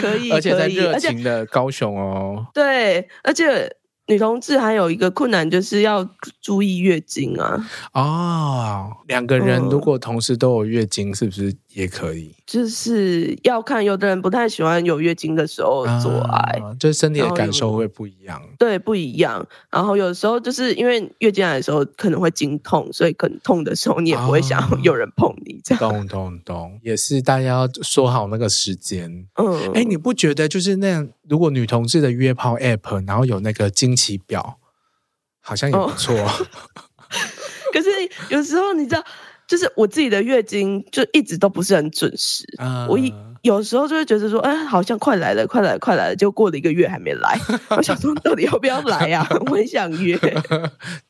S1: 可以，而且在熱情的高雄哦。
S2: 對，而且。女同志還有一個困難，就是要注意月經啊。
S1: 哦，兩個人如果同時都有月經，嗯、是不是也可以？
S2: 就是要看，有的人不太喜歡有月經的時候做愛，嗯、
S1: 就身體的感受會不一樣。
S2: 對，不一樣。然後有時候就是因為月經來的時候可能會經痛，所以可能痛的時候你也不會想有人碰你。嗯、這樣。懂懂懂，也是大
S1: 家要說好那個時間。嗯。哎，你不覺得就是那樣？如果女同志的約炮 app，然後有那個經。表好像也不錯。哦，
S2: 可是有時候你知道，就是我自己的月經就一直都不是很準時，嗯、我一有時候就會覺得說，哎、欸，好像快來了，快來了，快來了，就過了一個月還沒來，我想說到底要不要來呀，啊？ 我很想約，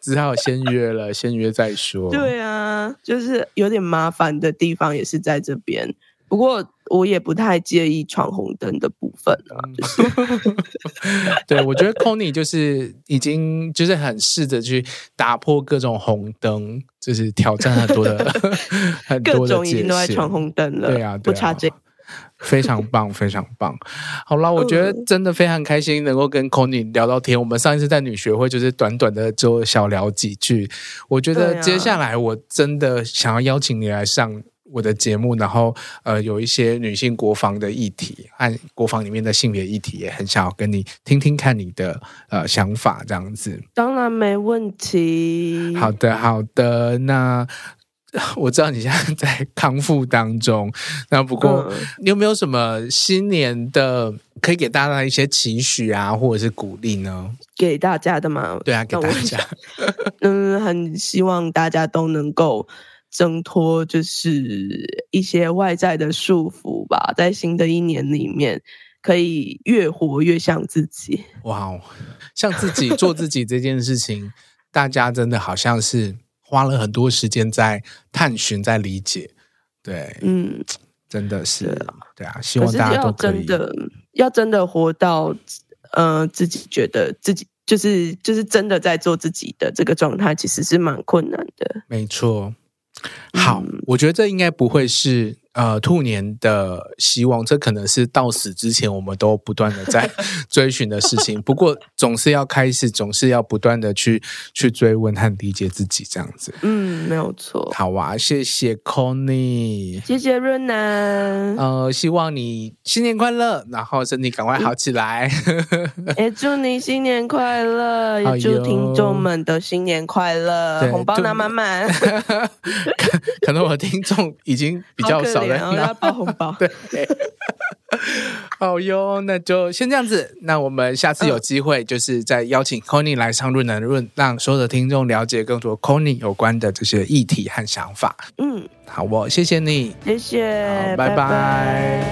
S1: 只好先約了， 先
S2: 約再說。對啊，就是有點麻煩的地方也是在這邊，不過。我也不太介意闖紅燈的部分啊，就
S1: 是、 對，我覺得摳尼就是已經就是很試着去打破各種紅燈，就是挑戰很多的很多的， 各種已經都在闖紅燈了，對啊，對，不差這， 非常棒，非常棒。好了，我覺得真的非常開心能夠跟摳尼聊到天。嗯、我們上一次在女學會就是短短的就小聊幾句，我覺得接下來我真的想要邀請你來上。我的節目，然後呃，有一些女性國防的議題，按國防裡面的性別議題，也很想要跟你聽聽看你的呃想法，這樣子。
S2: 當然沒問題。好
S1: 的，好的。那我知道你現在在康復當中，那不過、嗯、你有沒有什麼新年的可以給大家的一些期許啊，或者是鼓勵呢？
S2: 給大家的嗎？對啊，給大家。嗯，很希望大家都能夠。掙脫就是一些外在的束縛吧，在新的一年裡面，可以越活越像自己。哇哦，
S1: 像自己做自己這件事情， 大家真的好像是花了很多時間在探尋、在理解。對，嗯，真的是，對啊，希望大家都可以，要真的
S2: 要真的活到呃自己覺得自己就是就是真的在做自己的這個狀態，其實是蠻困難的。
S1: 沒錯。好，嗯、我覺得這應該不會是。呃，兔年的希望，這可能是到死之前我們都不斷的在追尋的事情。 不過總是要開始，總是要不斷的去去追問和理解自己，這樣子。嗯，沒有錯。好啊，謝謝 Connie，謝謝潤男。呃，希望你新年快樂，然後身體趕快好起來。
S2: 也 祝你新年快樂，也祝聽眾們都新年快樂，哎、呦紅包拿滿滿。
S1: 可能我的聽眾已經比較少。然後他包紅包。 對，對 好喲，那就先這樣子。那我們下次有機會，就是再邀請 c o n y 來上潤能潤，讓所有的聽眾了解更多 c o n y 有關的這些議題和想法。嗯，好，好，我謝謝你，謝
S2: 謝，好拜拜。拜拜，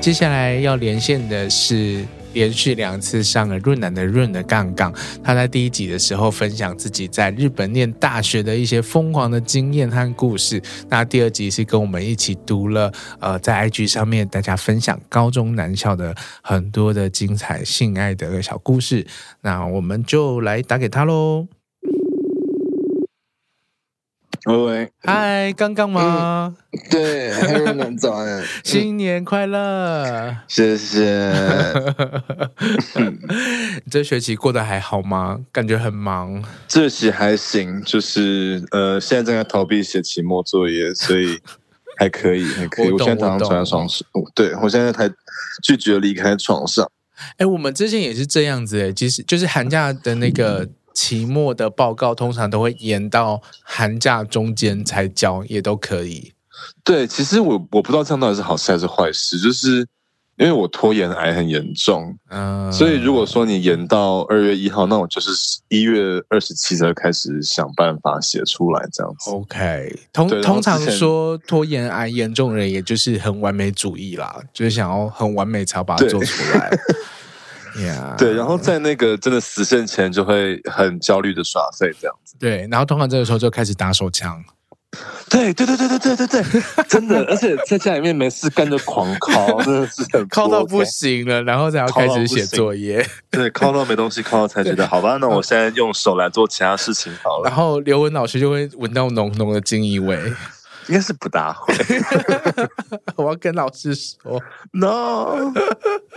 S1: 接下來要連線的是。連續兩次上了潤男的潤的槓槓，他在第一集的時候分享自己在日本念大學的一些瘋狂的經驗和故事。那第二集是跟我們一起讀了，呃，在 IG 上面大家分享高中男校的很多的精彩性愛的小故事。那我們就來打給他嘍。喂，嗨對，Hi, 剛剛嗎？嗯、對，還有人在，新年快樂，嗯、謝謝。你 這學期過得還好嗎？感覺很忙。
S5: 這學期還行，就是呃，現在正在逃避寫期末作業，所以還可以，還可以。 我，懂我現在躺在床上，懂對，我現在在拒絕離開床上。
S1: 哎、欸，我們之前也是這樣子，其實就是寒假的那個。 期末的報告通常都會延到寒假中間才交，也都可以。
S5: 對，其實我我不知道這樣到底是好事還是壞事，就是因為我拖延癌很嚴重，嗯，所以如果說你延到二月一號，那我就是一月二十七才開始想辦法寫出來這樣子。OK，通同通常說
S1: 拖延癌嚴重的人，也就是很完美主義啦，就是想要很完美才把它做出來。對
S5: Yeah. 對，然後在那個真的死線前，就會很焦慮的耍廢這樣子。對，
S1: 然後通常這個時候就開始打手槍。
S5: 對對對對對對對對，真的， 而且在家裡面沒事幹就狂敲， 真的是敲到不行了，然後才要開始寫作業。敲，對，敲到沒東西敲到才覺得好吧， 對那我現在用手來做其他事情好了。
S1: 然後劉文老師就會聞到濃濃的精液味。 應該是不大會， 我要跟老師說。 No，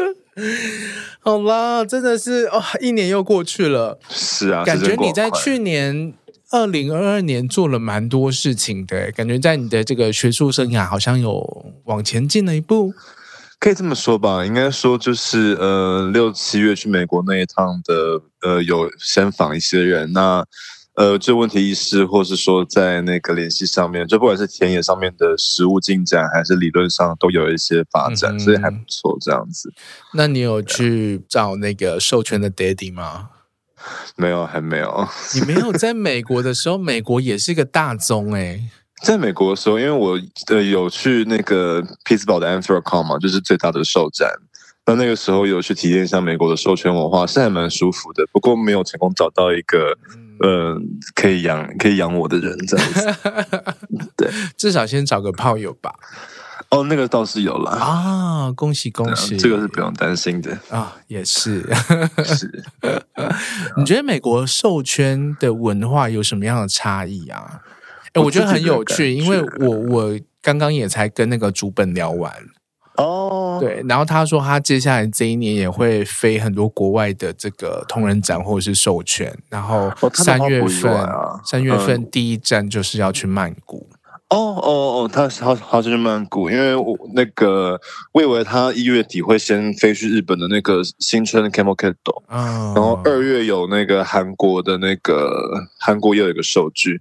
S1: 好啦，真的是哦，一年又過去了。是啊，感覺你在去年二零二二年做了蠻多事情的，感覺在你的這個學術生涯好像有往前進了一步，
S5: 可以這麼說吧？應該說就是呃，六七月去美國那一趟的呃，有先訪一些人那呃，這問題意識，或是說在那個聯繫上面，就不管是田野上面的實物進展，還是理論上都有一些發展，嗯、哼所以還不錯這樣子。
S1: 那你有去找那個授權的 Daddy 嗎？沒有，還沒有。你沒有在美國的時候， 美國也是一個大宗哎、欸。
S5: 在美國的時候，因為我呃有去那個匹茲堡的 Anthrocon 嘛，就是最大的獸展，那那個時候有去體驗一下美國的授權文化，是還蠻舒服的。不過沒有成功找到一個。呃，可以養可以養我的人在，這樣子，對， 至少先找個炮友吧。哦，那個倒是有了
S1: 啊，恭喜恭喜，啊、這個是
S5: 不用擔心的啊、哦，也是。
S1: 是， 你覺得美國獸圈的文化有什麼樣的差異啊？哎、欸，
S5: 我覺，覺我覺得很有趣，
S1: 因為我我剛剛也才跟那個竹本聊完。
S4: 哦，oh. 對，
S1: 然後他說他接下來這一年也會飛很多國外的這個同人展或者是授權，然後三月份，三、oh, 啊、月份第一站就是要去曼谷。
S5: 哦哦哦，他他他是去曼谷，因為我那個我以為他一月底會先飛去日本的那個新春 Kemoket，嗯，然後二月有那個韓國的那個韓國又有一個授權。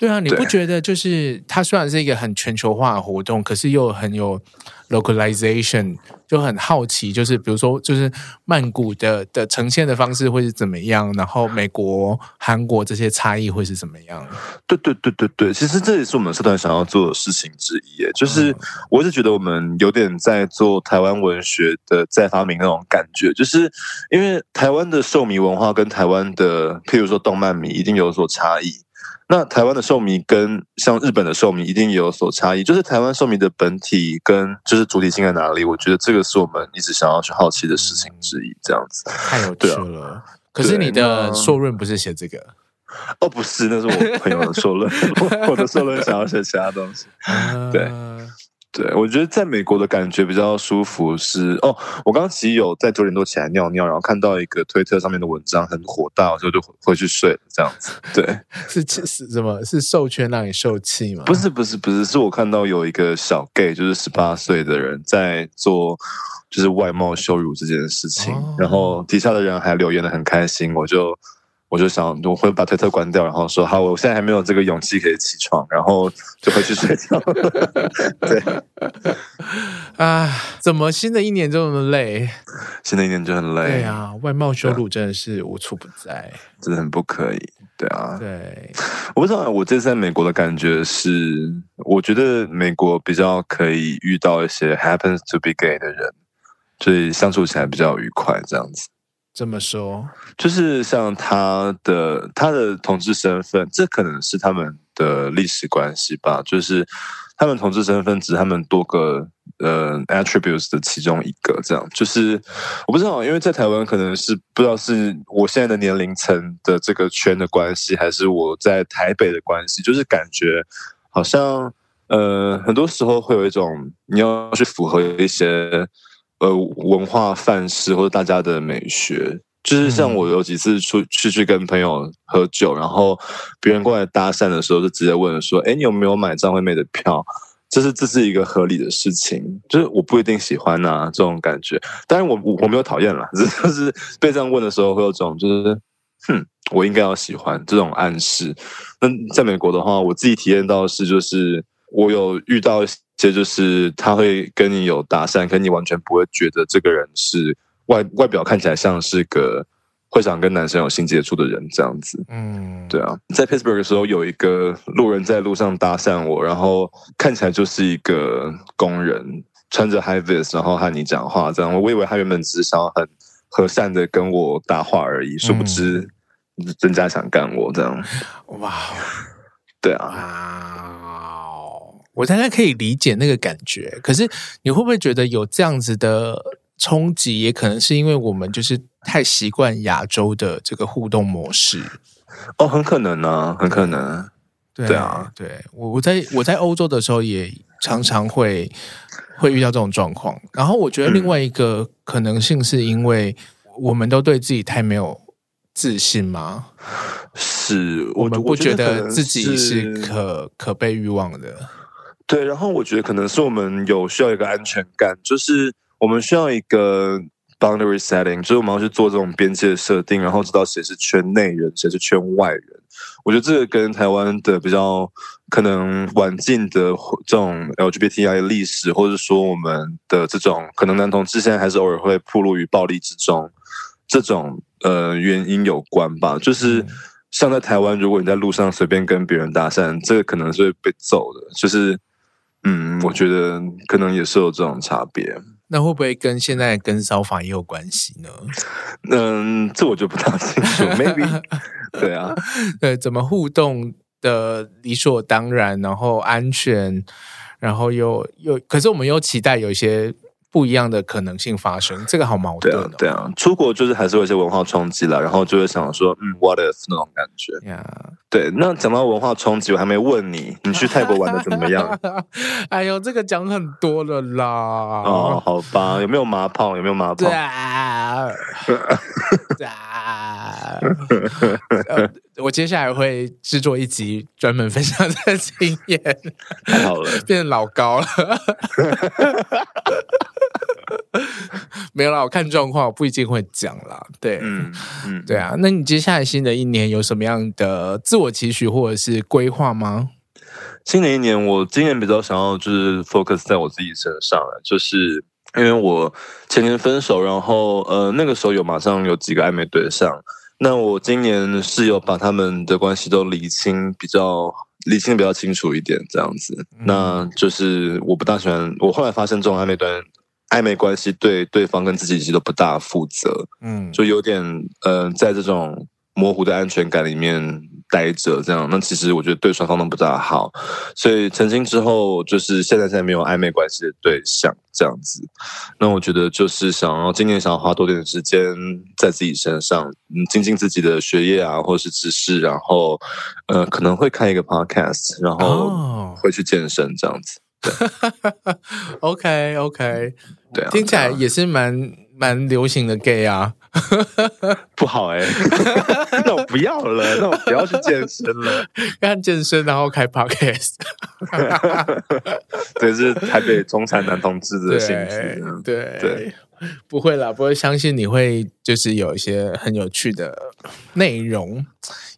S1: 對啊，你不覺得就是對它雖然是一個很全球化的活動，可是又很有 localization，就很好奇，就是比如說，就是曼谷的的呈現的方式會是怎麼樣，然後美國、韓國這些差異會是怎麼
S5: 樣？對對對對對，其實這也是我們社團想要做的事情之一耶，就是我一直覺得我們有點在做台灣文學的再發明那種感覺，就是因為台灣的獸迷文化跟台灣的，譬如說動漫迷一定有所差異。那台灣的獸迷跟像日本的獸迷一定也有所差異，就是台灣獸迷的本體跟就是主體性在哪裡？我覺得這個是我們一直想要去好奇的事情之一，這樣子、嗯。太有趣了！ 對
S1: 啊、可是你的碩論不是寫這個？
S5: 哦，不是，那是我朋友的碩論， 我的碩論想要寫其他東西。 對。Uh 對，我覺得在美國的感覺比較舒服是。是哦，我剛剛其實有在九點多起來尿尿，然後看到一個推特上面的文章很火大，我就就回去睡這樣子。對，
S1: 是氣死？什麼是獸圈讓你受氣嗎？不
S5: 是不是不是，是我看到有一個小 gay，就是十八歲的人在做就是外貌羞辱這件事情，哦，然後底下的人還留言的很開心，我就。我就想，我會把推特關掉，然後說好，我現在還沒有這個勇氣可以起床，然後就回去睡覺。 對，
S1: 啊，uh, 怎麼新的一年這麼累？
S5: 新的一年就很累，很累對呀、啊，
S1: 外貌羞辱真的是無處不在、
S5: 啊，真的很不可以，對啊。對，我想我這次在美國的感覺是，我覺得美國比較可以遇到一些 happens to be gay 的人，所以相處起來比較愉快，這樣子。這麼說，就是像他的他的同志身份，這可能是他們的歷史關係吧。就是他們同志身份只是他們多個呃 attributes 的其中一個，這樣。就是我不知道，因為在台灣可能是不知道是我現在的年齡層的這個圈的關係，還是我在台北的關係，就是感覺好像呃很多時候會有一種你要去符合一些，呃，文化範式或者大家的美學，就是像我有幾次出出去，去跟朋友喝酒，然後別人過來搭訕的時候，就直接問說：“哎、嗯，你有沒有買張惠妹的票？”這是這是一個合理的事情，就是我不一定喜歡吶、啊、這種感覺，但是我我，我沒有討厭啦，只是被這樣問的時候會有種就是，哼，我應該要喜歡這種暗示。那在美國的話，我自己體驗到的是就是。我有遇到一些，就是他會跟你有搭訕，可是你完全不會覺得這個人是外外表看起來像是個會想跟男生有性接觸的人這樣子。嗯，對啊，在 Pittsburgh 的時候，有一個路人在路上搭訕我，然後看起來就是一個工人，穿着 high vis，然後和你講話這樣。我以為他原本只是想要很和善的跟我搭話而已，殊不知人家想幹我這樣。
S4: 嗯、哇，
S5: 對啊。我大概
S1: 可以理解那個感覺，可是你會不會覺得有這樣子的衝擊？也可能是因為我們就是太習慣亞洲的這個互動模式？
S5: 哦，很可能呢、啊，很可能。
S1: 對，對啊，對，我我在我在歐洲的時候也常常會會遇到這種狀況。然後我覺得另外一個可能性是因為我們都對自己太沒有自信嗎？是，我，我，是我們不覺得自己是可可被欲望的。
S5: 對，然後我覺得可能是我們有需要一個安全感，就是我們需要一個 boundary setting，就是我們要去做這種邊界的設定，然後知道誰是圈內人，誰是圈外人。我覺得這個跟台灣的比較可能晚近的這種 LGBTI 歷史，或者說我們的這種可能男同志現在還是偶爾會暴露於暴力之中，這種呃原因有關吧。就是像在台灣，如果你在路上隨便跟別人搭訕，這個可能是會被揍的，就是。嗯，我覺得可能也是有這種差別。嗯、
S1: 那會不會跟現在跟燒房也
S5: 有關係呢？嗯，這我就不大清楚。 Maybe 對啊，
S1: 對，怎麼互動的理所當然，然後安全，然後又又，可是我們又期待有一些。不一樣的可能性發生，這個好矛
S5: 盾哦。對啊，對啊，出國就是還是有一些文化衝擊了，然後就會想說，嗯，what if 那種感覺。呀，Yeah. 對。那講到文化衝擊，我還沒問你，你去泰國玩的怎麼樣？
S1: 哎呦，這個講很多了啦。哦，
S5: 好吧，有沒有麻胖？有沒有麻
S1: 胖？我接下來會製作一集專門分享的經驗。太好了，變老高了。 沒有啦，我看
S5: 狀況，我不一定會講啦。對，嗯，
S1: 嗯。對啊。那你接下來新的一年有什麼樣的自我期許或者是規劃嗎？
S5: 新的一年，我今年比較想要就是 focus 在我自己身上了，就是因為我前年分手，然後呃那個時候有馬上有幾個曖昧對象，那我今年是有把他們的關係都理清，比較理清的比較清楚一點這樣子。嗯。那就是我不大喜歡，我後來發生這種曖昧對象。曖昧關係對對方跟自己其實都不大負責，嗯，就有點，嗯、呃，在這種模糊的安全感裡面待着，這樣，那其實我覺得對雙方都不大好。所以澄清之後，就是現在現在沒有曖昧關係的對象這樣子。那我覺得就是想要今年想要花多點時間在自己身上，嗯，精進自己的學業啊，或是知識，然後，呃，可能會看一個 podcast，然後會去健身這樣子。哦
S1: 哈哈哈 OK OK，對、啊，聽起來也是蠻蠻流行的 gay 啊， 不好哎、欸， 那我不要了， 那我不要
S5: 去健身了，
S1: 幹健身然後開 podcast，
S5: 這、 就是台北中產男同志的興趣，對對，對
S1: 不會啦，不會，相信你會就是有一些很有趣的內容，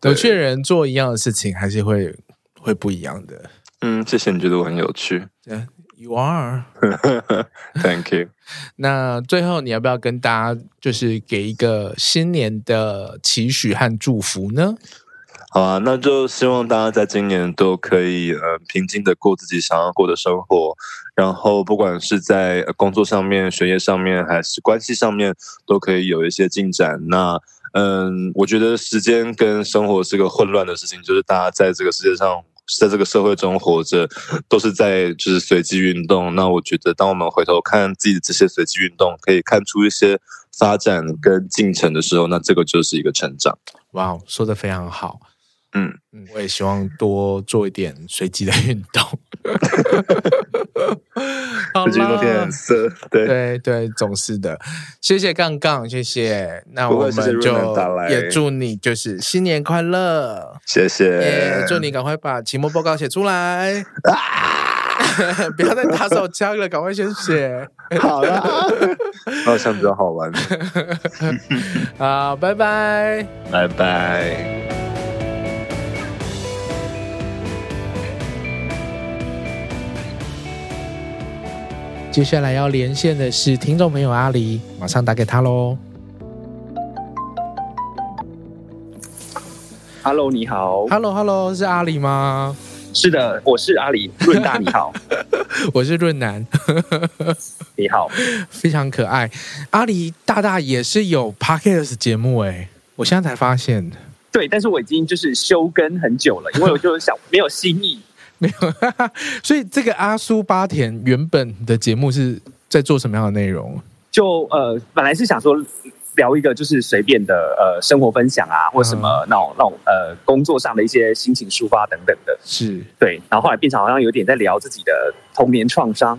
S1: 有趣的人做一樣的事情還是會會不一樣的，
S5: 嗯，謝謝你覺得我很有趣。Yeah, you are. Thank you.
S1: 那最後你要不要跟大家就是給一個新年的期許和祝福呢？
S5: 好啊，那就希望大家在今年都可以呃平靜的過自己想要過的生活，然後不管是在工作上面，學業上面還是關係上面，都可以有一些進展。那嗯、呃，我覺得時間跟生活是個混亂的事情，就是大家在這個世界上，在這個社會中活着，都是在就是隨機運動。那我覺得，當我們回頭看自己的這些隨機運動，可以看出一些發展跟進程的時候，那這個就是一個成長。
S1: 哇，說的非常好。嗯，我也希望多做一點隨機的運動。哈哈哈哈哈！隨機多點色，對對對，總是的。謝謝槓槓，謝謝。那我們就也祝你就是新年快樂，
S5: 謝謝。Yeah, 祝
S1: 你趕快把期末報告寫出來， 不要再打手槍了，趕快先寫。好
S5: 了， 好像比較好玩。
S1: 好，拜拜，
S5: 拜拜。
S1: 接下來要連線的是聽眾朋友阿黎，馬上打給他嘍。
S6: Hello，你好
S1: ，Hello，Hello，hello, 是阿黎嗎？是的，我是阿黎，潤大你好，我是潤男，你好，非常可愛，阿黎大大也是有 Podcast 節目哎、欸，我現在才發現，
S6: 對，但是我已經就是休更很久了，因為我就是想 沒有新意。
S1: 沒有，哈哈。所以這個阿蘇巴田原本的節目是在做什麼樣的內容？
S6: 就呃，本來是想說聊一個就是隨便的呃生活分享啊，或什麼那種、啊、那種呃工作上的一些心情抒發等等的。是，對，然後後來變成好像有點在聊自己的童年創傷，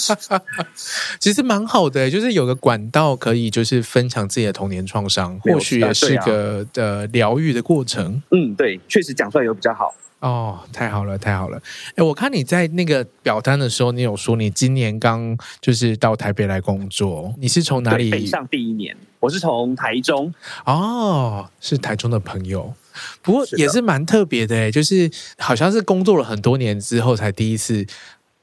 S1: 其實蠻好的、欸，就是有個管道可以就是分享自己的童年創傷，或許也是個的療癒的過程。嗯，對，確實講出來有比較好。哦，太好了，太好了！哎，我看你在那個表單的時候，你有說你今年剛就是到台北來工作，你是從哪裡？北上
S6: 第一年。我是從台中。
S1: 哦，是台中的朋友，不過也是蠻特別的，哎的，就是好像是工作了很多年之後才第一次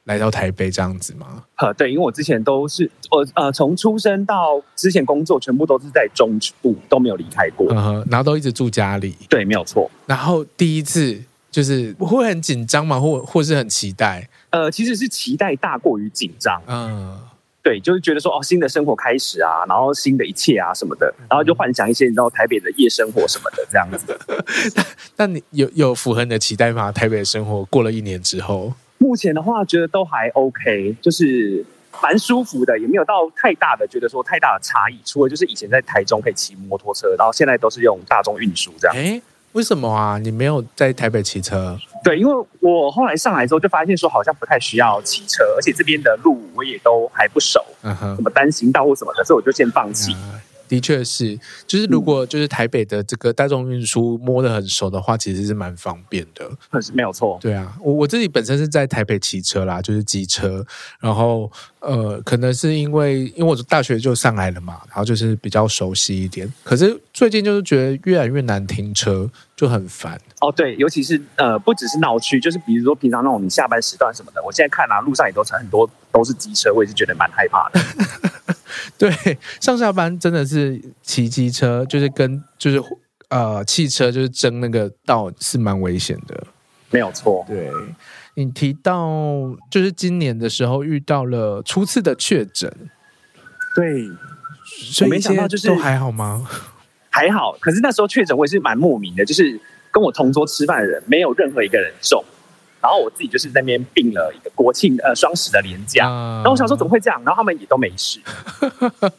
S1: 來到台北這樣子嗎？
S6: 對，因為我之前都是我呃從出生到之前工作，全部都是在中部都沒有離開
S1: 過。呵呵，然後都一直住家裡。對，沒有錯。然後第一次。就是會很緊張嘛，或或是很期待。呃，其實是期待大過於緊張。嗯，
S6: 對，就是覺得說哦，新的生活開始啊，然後新的一切啊什麼的，嗯，然後就幻想一些你知道台北的夜生活什麼的這樣子。
S1: 但，但你有，有符合你的期待嗎？台北的生活過了一年之後，目前的話覺
S6: 得都還 OK，就是蠻舒服的，也沒有到太大的覺得說太大的差異。除了就是以前在台中可以騎摩托車，然後現在都是用大眾運輸這樣。
S1: 為什麼啊？你沒有在台北騎車？
S6: 對，因為我後來上來之後就發現說，好像不太需要騎車，而且這邊的路我也都還不熟，嗯哼，什麼單行道或什麼的，所以我就先
S1: 放棄。Yeah. 的確是，就是如果就是台北的這個大眾運輸摸得很熟的話，其實是蠻方便的。是，沒有錯。對啊，我我自己本身是在台北騎車啦，就是機車，然後呃，可能是因為因為我大學就上來了嘛，然後就是比較熟悉一點。可是最近就是覺得越來越難停車，就很煩。
S6: 哦，對，尤其是呃，不只是鬧區，就是比如說平常那種你下班時段什麼的，我現在看啊，路上也都成很多都是機車，我也是覺得蠻害怕的。
S1: 對，上下班真的是騎機車。就是跟就是呃汽車就是爭那個道，是蠻危險的。
S6: 沒有錯。
S1: 對，你提到，就是今年的時候遇到了初次的確診。對，所以沒想到，就是都還好嗎？
S6: 還好，可是那時候確診，我是蠻莫名的，就是跟我同桌吃飯的人，沒有任何一個人中。然後我自己就是在那邊病了一個國慶呃雙十的連假，嗯、然後我想說怎麼會這樣？然後他們也都沒事，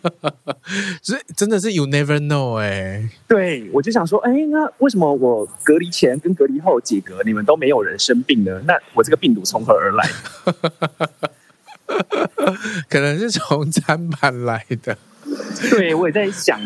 S1: 所以真的是 you never know 哎、欸，對我就想說，哎，那為什麼我
S6: 隔離前跟隔離後解隔你們都沒有人生病呢？那我這個病毒從何而來？
S1: 可能是從餐盤來的， 對我也在想，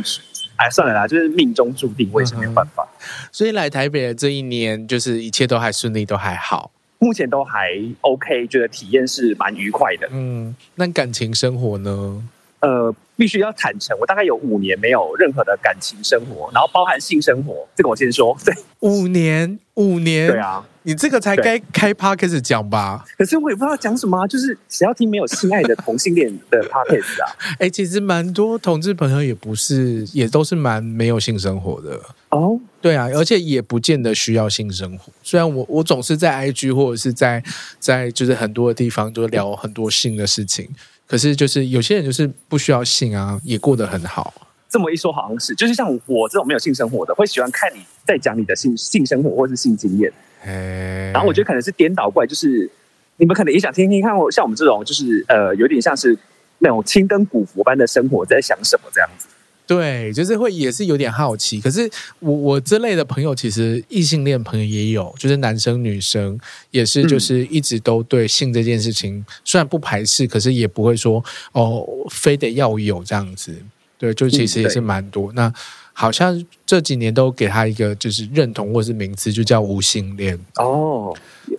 S1: 哎，算了啦，就是命中注定，我也是沒有辦法、嗯。所以來台北的這一年，就是一切都還順利，都還好。目前都還 OK，覺得體驗是蠻愉快的。嗯，那感情生活呢？呃，必須要坦
S6: 誠，我大概有五年沒有任何的感情生活，嗯、然後包含性生活，這個我先說。對，
S1: 五年，五年，對啊。你這個才該開 podcast 講吧？可是我也不知道講什麼啊，就是誰要聽沒有性愛的同性戀的 podcast 啊。哎，其實蠻多同志朋友也不是，也都是蠻沒有性生活的哦。對啊，而且也不見得需要性生活。雖然我我總是在 IG 或者是在在就是很多的地方都聊很多性的事情，對可是就是有些人就是不需要性啊，也過得很好。
S6: 這麼一說，好像是就是像我這種沒有性生活的，會喜歡看你在講你的性性生活或者是性經驗。誒，然後我覺得可能是顛倒過來，就是你們可能也想聽聽看，我像我們這種，就是呃，有點像是那種青燈古佛般的生活，在想什麼
S1: 這樣子。對，就是會也是有點好奇。可是我我這類的朋友，其實異性戀朋友也有，就是男生女生也是，就是一直都對性這件事情，嗯、雖然不排斥，可是也不會說哦，非得要有這樣子。對，就其實也是蠻多、嗯、那。好像這幾年都給他一個就是認同，或是名詞，就叫無性戀哦，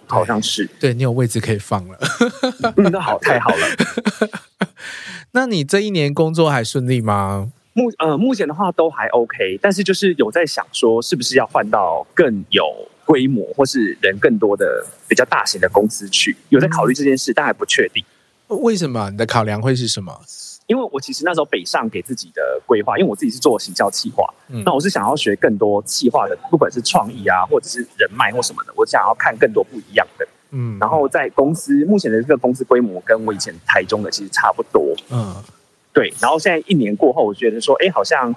S1: 好像是。對，你有位置可以放了，那、 嗯嗯、好，太好了。 那你這一年工作還順利嗎？
S6: 目呃，目前的話都還 OK，但是就是有在想說，是不是要換到更有規模或是人更多的比較大型的公司去？有在考慮這件事，但還不確定、
S1: 嗯。為什麼？你的考量會是什麼？因為我其實那時候北上給自己
S6: 的規劃，因為我自己是做行銷企劃，嗯、那我是想要學更多企劃的，不管是創意啊，或者是人脈或什麼的，我想要看更多不一樣的。嗯，然後在公司目前的這個公司規模跟我以前台中的其實差不多。嗯，對，然後現在一年過後，我覺得說，哎、欸，好像，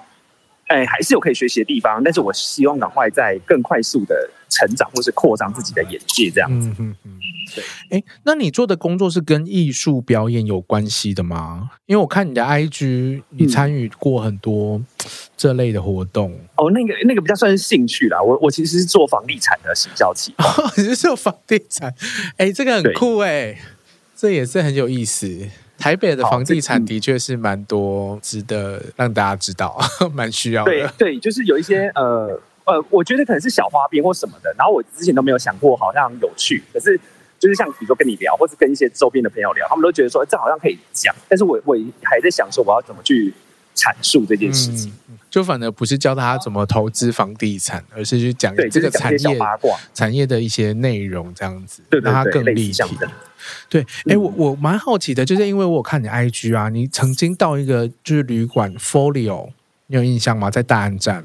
S6: 哎、欸，還是有可以學習的地方，但是我希望趕快再更快速的。成長或是擴張自己的眼界，這
S1: 樣子。嗯嗯嗯，對。哎，那你做的工作是跟藝術表演有關係的嗎？因為我看你的 IG，你參與過很多這類的活動。
S6: 嗯、哦，那個那個比較算是興趣啦。我我其實是做
S1: 房地產的行銷企，你、哦、是做房地產？哎，這個很酷哎、欸，對這也是很有意思。台北的房地產的確是蠻多，哦嗯、值得讓大家知道，蠻需要的。對，
S6: 對，就是有一些、嗯、呃。呃，我覺得可能是小花邊或什麼的，然後我之前都沒有想過，好像有趣，可是就是像比如說跟你聊，或是跟一些周邊的朋友聊，他們都覺得說這好像可以講，但是我我還在想說我要怎麼去闡
S1: 述這件事情，嗯、就反而不是教大家怎麼投資房地產，而是去講這個產業、就是、八卦、產業的一些內容這樣子，對對對，讓它更立體。對，哎，我我蠻好奇的，就是因為我有看你 IG 啊，你曾經到一個就是旅館 Folio。你有印象嗎？在大安站，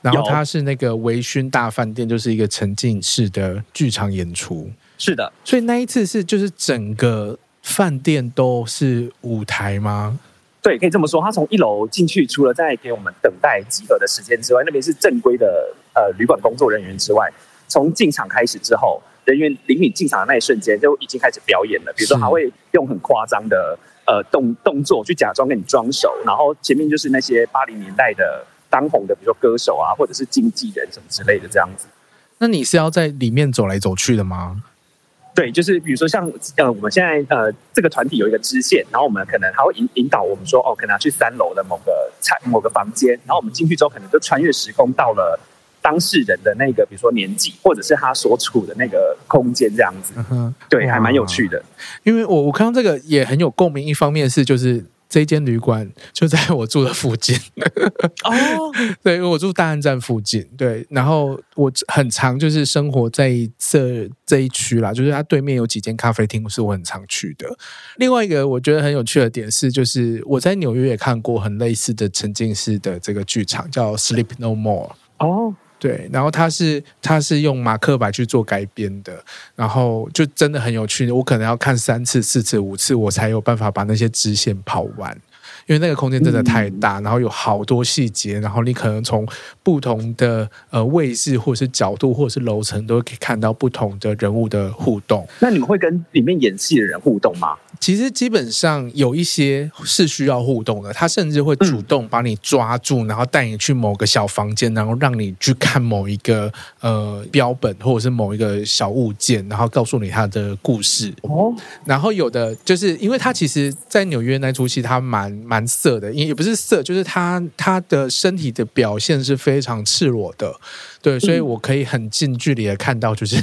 S1: 然後它是那個微醺大飯店，有就是一個沉浸式的劇場演出。是的，所以那一次是就是整個飯店都是舞台嗎？
S6: 對，可以這麼說。他從一樓進去，除了在給我們等待集合的時間之外，那邊是正規的呃旅館工作人員之外，從進場開始之後，人員領你進場的那一瞬間就已經開始表演了。比如說，他會用很誇張的是。呃，動動作去假裝跟你裝熟，然後前面就是那些八零年代的當紅的，比如說歌手啊，或者是經紀人什麼之類的這樣子。
S1: 那你是要在裡面走來走去的嗎？
S6: 對，就是比如說像呃，我們現在呃，這個團體有一個支線，然後我們可能他會引引導我們說，哦，可能要去三樓的某個菜、某個房間，然後我們進去之後，可能就穿越時空到了。當事人的那個，比如說年紀，或者是他所處的那個空間，這樣子，嗯、哼對，哇還蠻有趣的。
S1: 因為我我看到這個也很有共鳴。一方面是就是這間旅館就在我住的附近、嗯、 哦，對，因為我住大安站附近，對。然後我很常就是生活在這這一區啦，就是它對面有幾間咖啡廳是我很常去的。另外一個我覺得很有趣的點是，就是我在紐約也看過很類似的沉浸式的這個劇場，叫 Sleep No More。哦。對，然後他是他是用馬克白去做改編的，然後就真的很有趣，我可能要看三次、四次、五次，我才有辦法把那些支線跑完。因為那個空間真的太大，嗯、然後有好多細節，然後你可能從不同的呃位置或者是角度或者是樓層都可以看到不同的人物的互動。那你們會跟裡面演戲的人互動嗎？其實基本上有一些是需要互動的，他甚至會主動把你抓住，嗯、然後帶你去某個小房間，然後讓你去看某一個呃標本或者是某一個小物件，然後告訴你他的故事。哦，然後有的就是因為他其實在紐約那出戲，他蠻蠻。蠻色的，因，也不是色，就是他他的身體的表現是非常赤裸的，對，所以我可以很近距離的看到，就是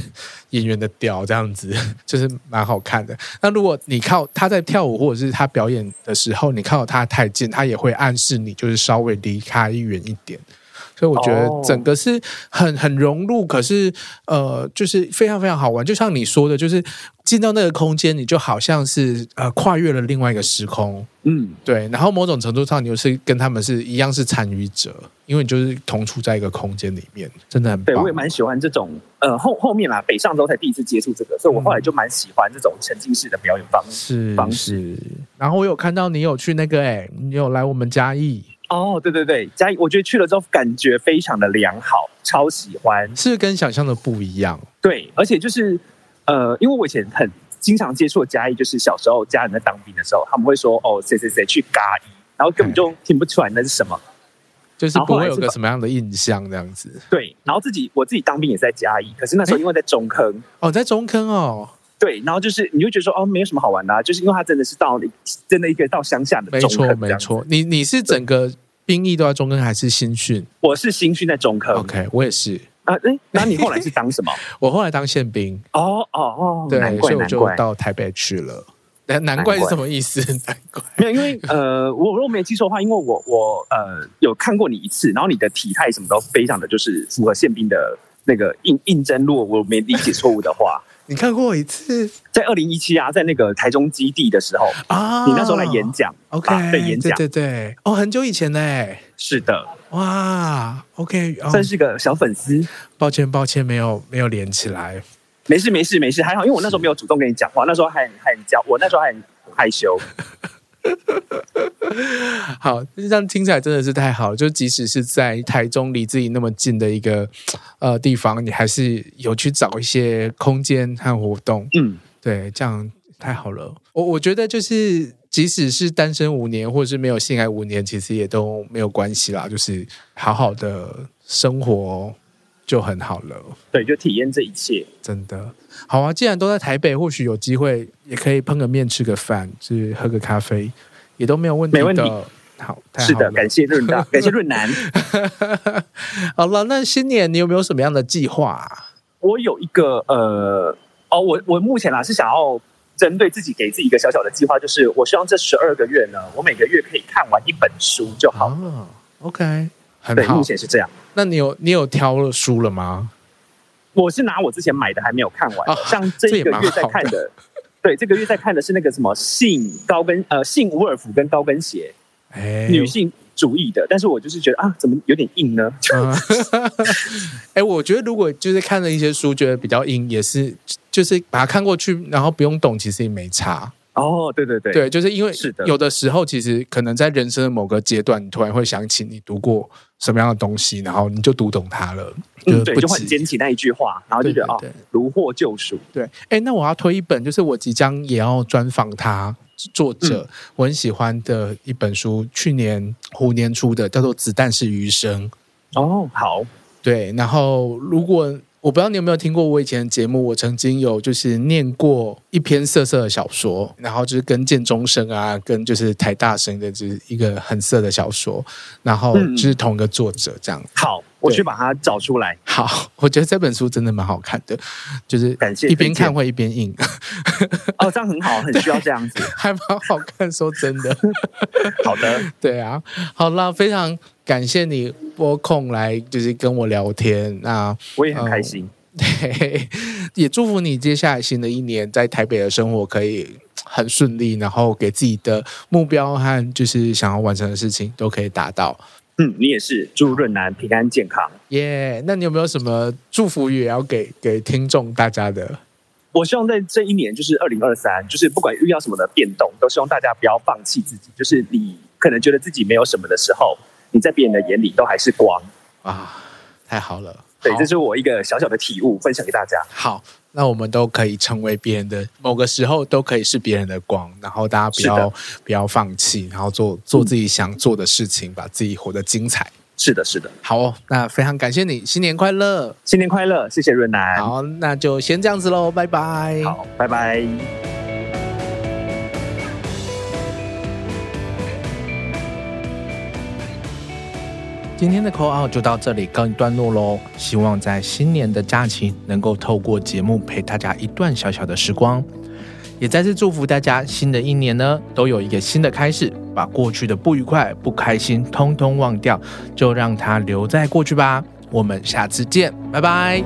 S1: 演員的屌，這樣子，就是蠻好看的。那如果你靠他在跳舞或者是他表演的時候，你靠他太近，他也會暗示你，就是稍微離開遠一點。所以我覺得整個是很很融入，可是呃，就是非常非常好玩。就像你說的，就是。進到那個空間，你就好像是呃跨越了另外一個時空，嗯，對。然後某種程度上，你又是跟他們是一樣是參與者，因為你就是同處在一個空間裡面，真的很棒。對，我也
S6: 蠻喜歡這種，呃，後後面啦，北上之後才第一次接觸這個，所以我後來就蠻喜歡這種沉浸式的表演
S1: 方式方式。然後我有看到你有去那個，哎、欸，你有來我們嘉義
S6: 哦？對對對，嘉義，我覺得去了之後感覺非常的良好，超喜歡，是跟想象的不一樣，對，而且就是。呃，因為我以前很經常接觸嘉義，就是小時候家人在當兵的時候，他們會說哦誰誰誰去嘉義，然後根本就聽不出來那是什麼、欸，
S1: 就是不會有個什麼樣的印象這樣子。後後
S6: 對，然後自己我自己當兵也在嘉義，可是那時候因為在中坑、欸、哦，在中坑哦。對，然後就是你就覺得說哦，沒有什麼好玩的、啊，就是因為它真的是到真的一個到鄉下的中坑沒，沒錯沒錯。
S1: 你你是整個兵役都在中坑還是新訓？對我是新訓在中坑。OK，我也是。啊誒，那你後來是當什麼？ 我後來當憲兵。哦哦哦，哦哦對，難怪，所以我就到台北去了。難怪難怪難怪是什麼意思？難
S6: 怪沒有，因為呃，我如果沒記錯的話，因為我我呃有看過你一次，然後你的體態什麼都非常的就是符合憲兵的那個應應徵路。我沒理解錯誤的話，你看過我一次，在二零一七啊，在那個台中基地的時候啊，哦、你那時候來演講，OK？、啊、對演講對對
S1: 對，哦，很久以前呢、
S6: 欸。是
S1: 的，哇，OK，、um, 算是個小粉絲。抱歉，抱歉，沒有沒有連起來。
S6: 沒事，沒事，沒事，還好，因為我那時候沒有主動跟你講話，是那時候還很還很焦，我那時候還很
S1: 害羞。 好，這樣聽起來真的是太好了，就即使是在台中離自己那麼近的一個呃地方，你還是有去找一些空間和活動。嗯，對，這樣太好了。我我覺得就是。即使是單身五年，或者是沒有性愛五年，其實也都沒有關係啦。就是好好的生活就很好了。
S6: 對，就體驗這一切，真的
S1: 好啊！既然都在台北，或許有機會也可以碰個面，吃個飯，去、就是、喝個咖啡，也都沒有問題的。沒問題。好，
S6: 太好了，是的，感
S1: 謝潤達，感謝潤男。 好了，那新年你有沒有什麼樣的計劃？
S6: 我有一個呃，哦，我我目前啦是想要。針對自己給自己一個小小的計劃，就是我希望這十二個月呢，我每個月可以看完一本書就好了。
S1: 哦，okay，對，很好。對，目前是這樣。那你有你有挑了書了嗎？
S6: 我是拿我之前買的還沒有看完，哦，像這個月在看的，看。對，這個月在看的是那個什麼《性高跟》呃，《性伍爾夫》跟高跟鞋，哎，女性。注意
S1: 的，但是我就是覺得啊，怎麼有點硬呢？哎、嗯 欸，我覺得如果就是看了一些書，覺得比較硬，也是就是把它看過去，然後不用懂，其實也沒差。哦，對對對，對，就是因為是的，有的時候其實可能在人生的某個階段，突然會想起你讀過什麼樣的東西，然後你就讀懂它了，就是嗯、對，就會
S6: 撿起那一句話，然後就覺得對對對哦，如獲救贖。對，
S1: 哎、欸，那我要推一本，就是我即將也要專訪他。作者、嗯、我很喜歡的一本書，去年虎年出的，叫做《子彈是餘生》。哦，好，對。然後，如果我不知道你有沒有聽過我以前的節目，我曾經有就是念過一篇色色的小說，然後就是跟建中生啊，跟就是台大生的就是一個很色的小說，然後就是同一個作者這樣。嗯、好。我去把
S6: 它找出來。
S1: 好，我覺得這本書真的蠻好看的，就是感謝一邊看會一邊硬 哦，這樣很好，很需要這樣子，還蠻好看。說真的， 好的，對啊，好了，非常感謝你撥空來就是跟我聊天。那我也很開心、呃，對，也祝福你接下來新的一年在台北的生活可以很順利，然後給自己的目標和就是想要完成的事情都可以達到。嗯，你也是，祝潤男平安健康。耶，yeah, 那你有沒有什麼祝福語也要給給聽眾大家的？
S6: 我希望在這一年，就是二零二三，就是不管遇到什麼的變動，都希望大家不要放棄自己。就是你可能覺得自己沒有什麼的時候，你在別人的眼裡都還是光啊！
S1: 太好
S6: 了，對，好這是我一個小小的體悟，分享給大家。
S1: 好。那我們都可以成為別人的，某個時候都可以是別人的光，然後大家不要是的，不要放棄，然後做做自己想做的事情，嗯，把自己活得精彩。是的，是的，是的。好哦，那非常感謝你，新年快樂，新年快樂，謝謝潤男。好，那就先這樣子嘍，拜拜。好，拜拜。今天的口 a 就到這裡告一段落嘍，希望在新年的假期能夠透過節目陪大家一段小小的時光，也再次祝福大家新的一年呢，都有一個新的開始，把過去的不愉快、不開心通通忘掉，就讓它留在過去吧。我們下次見，拜拜。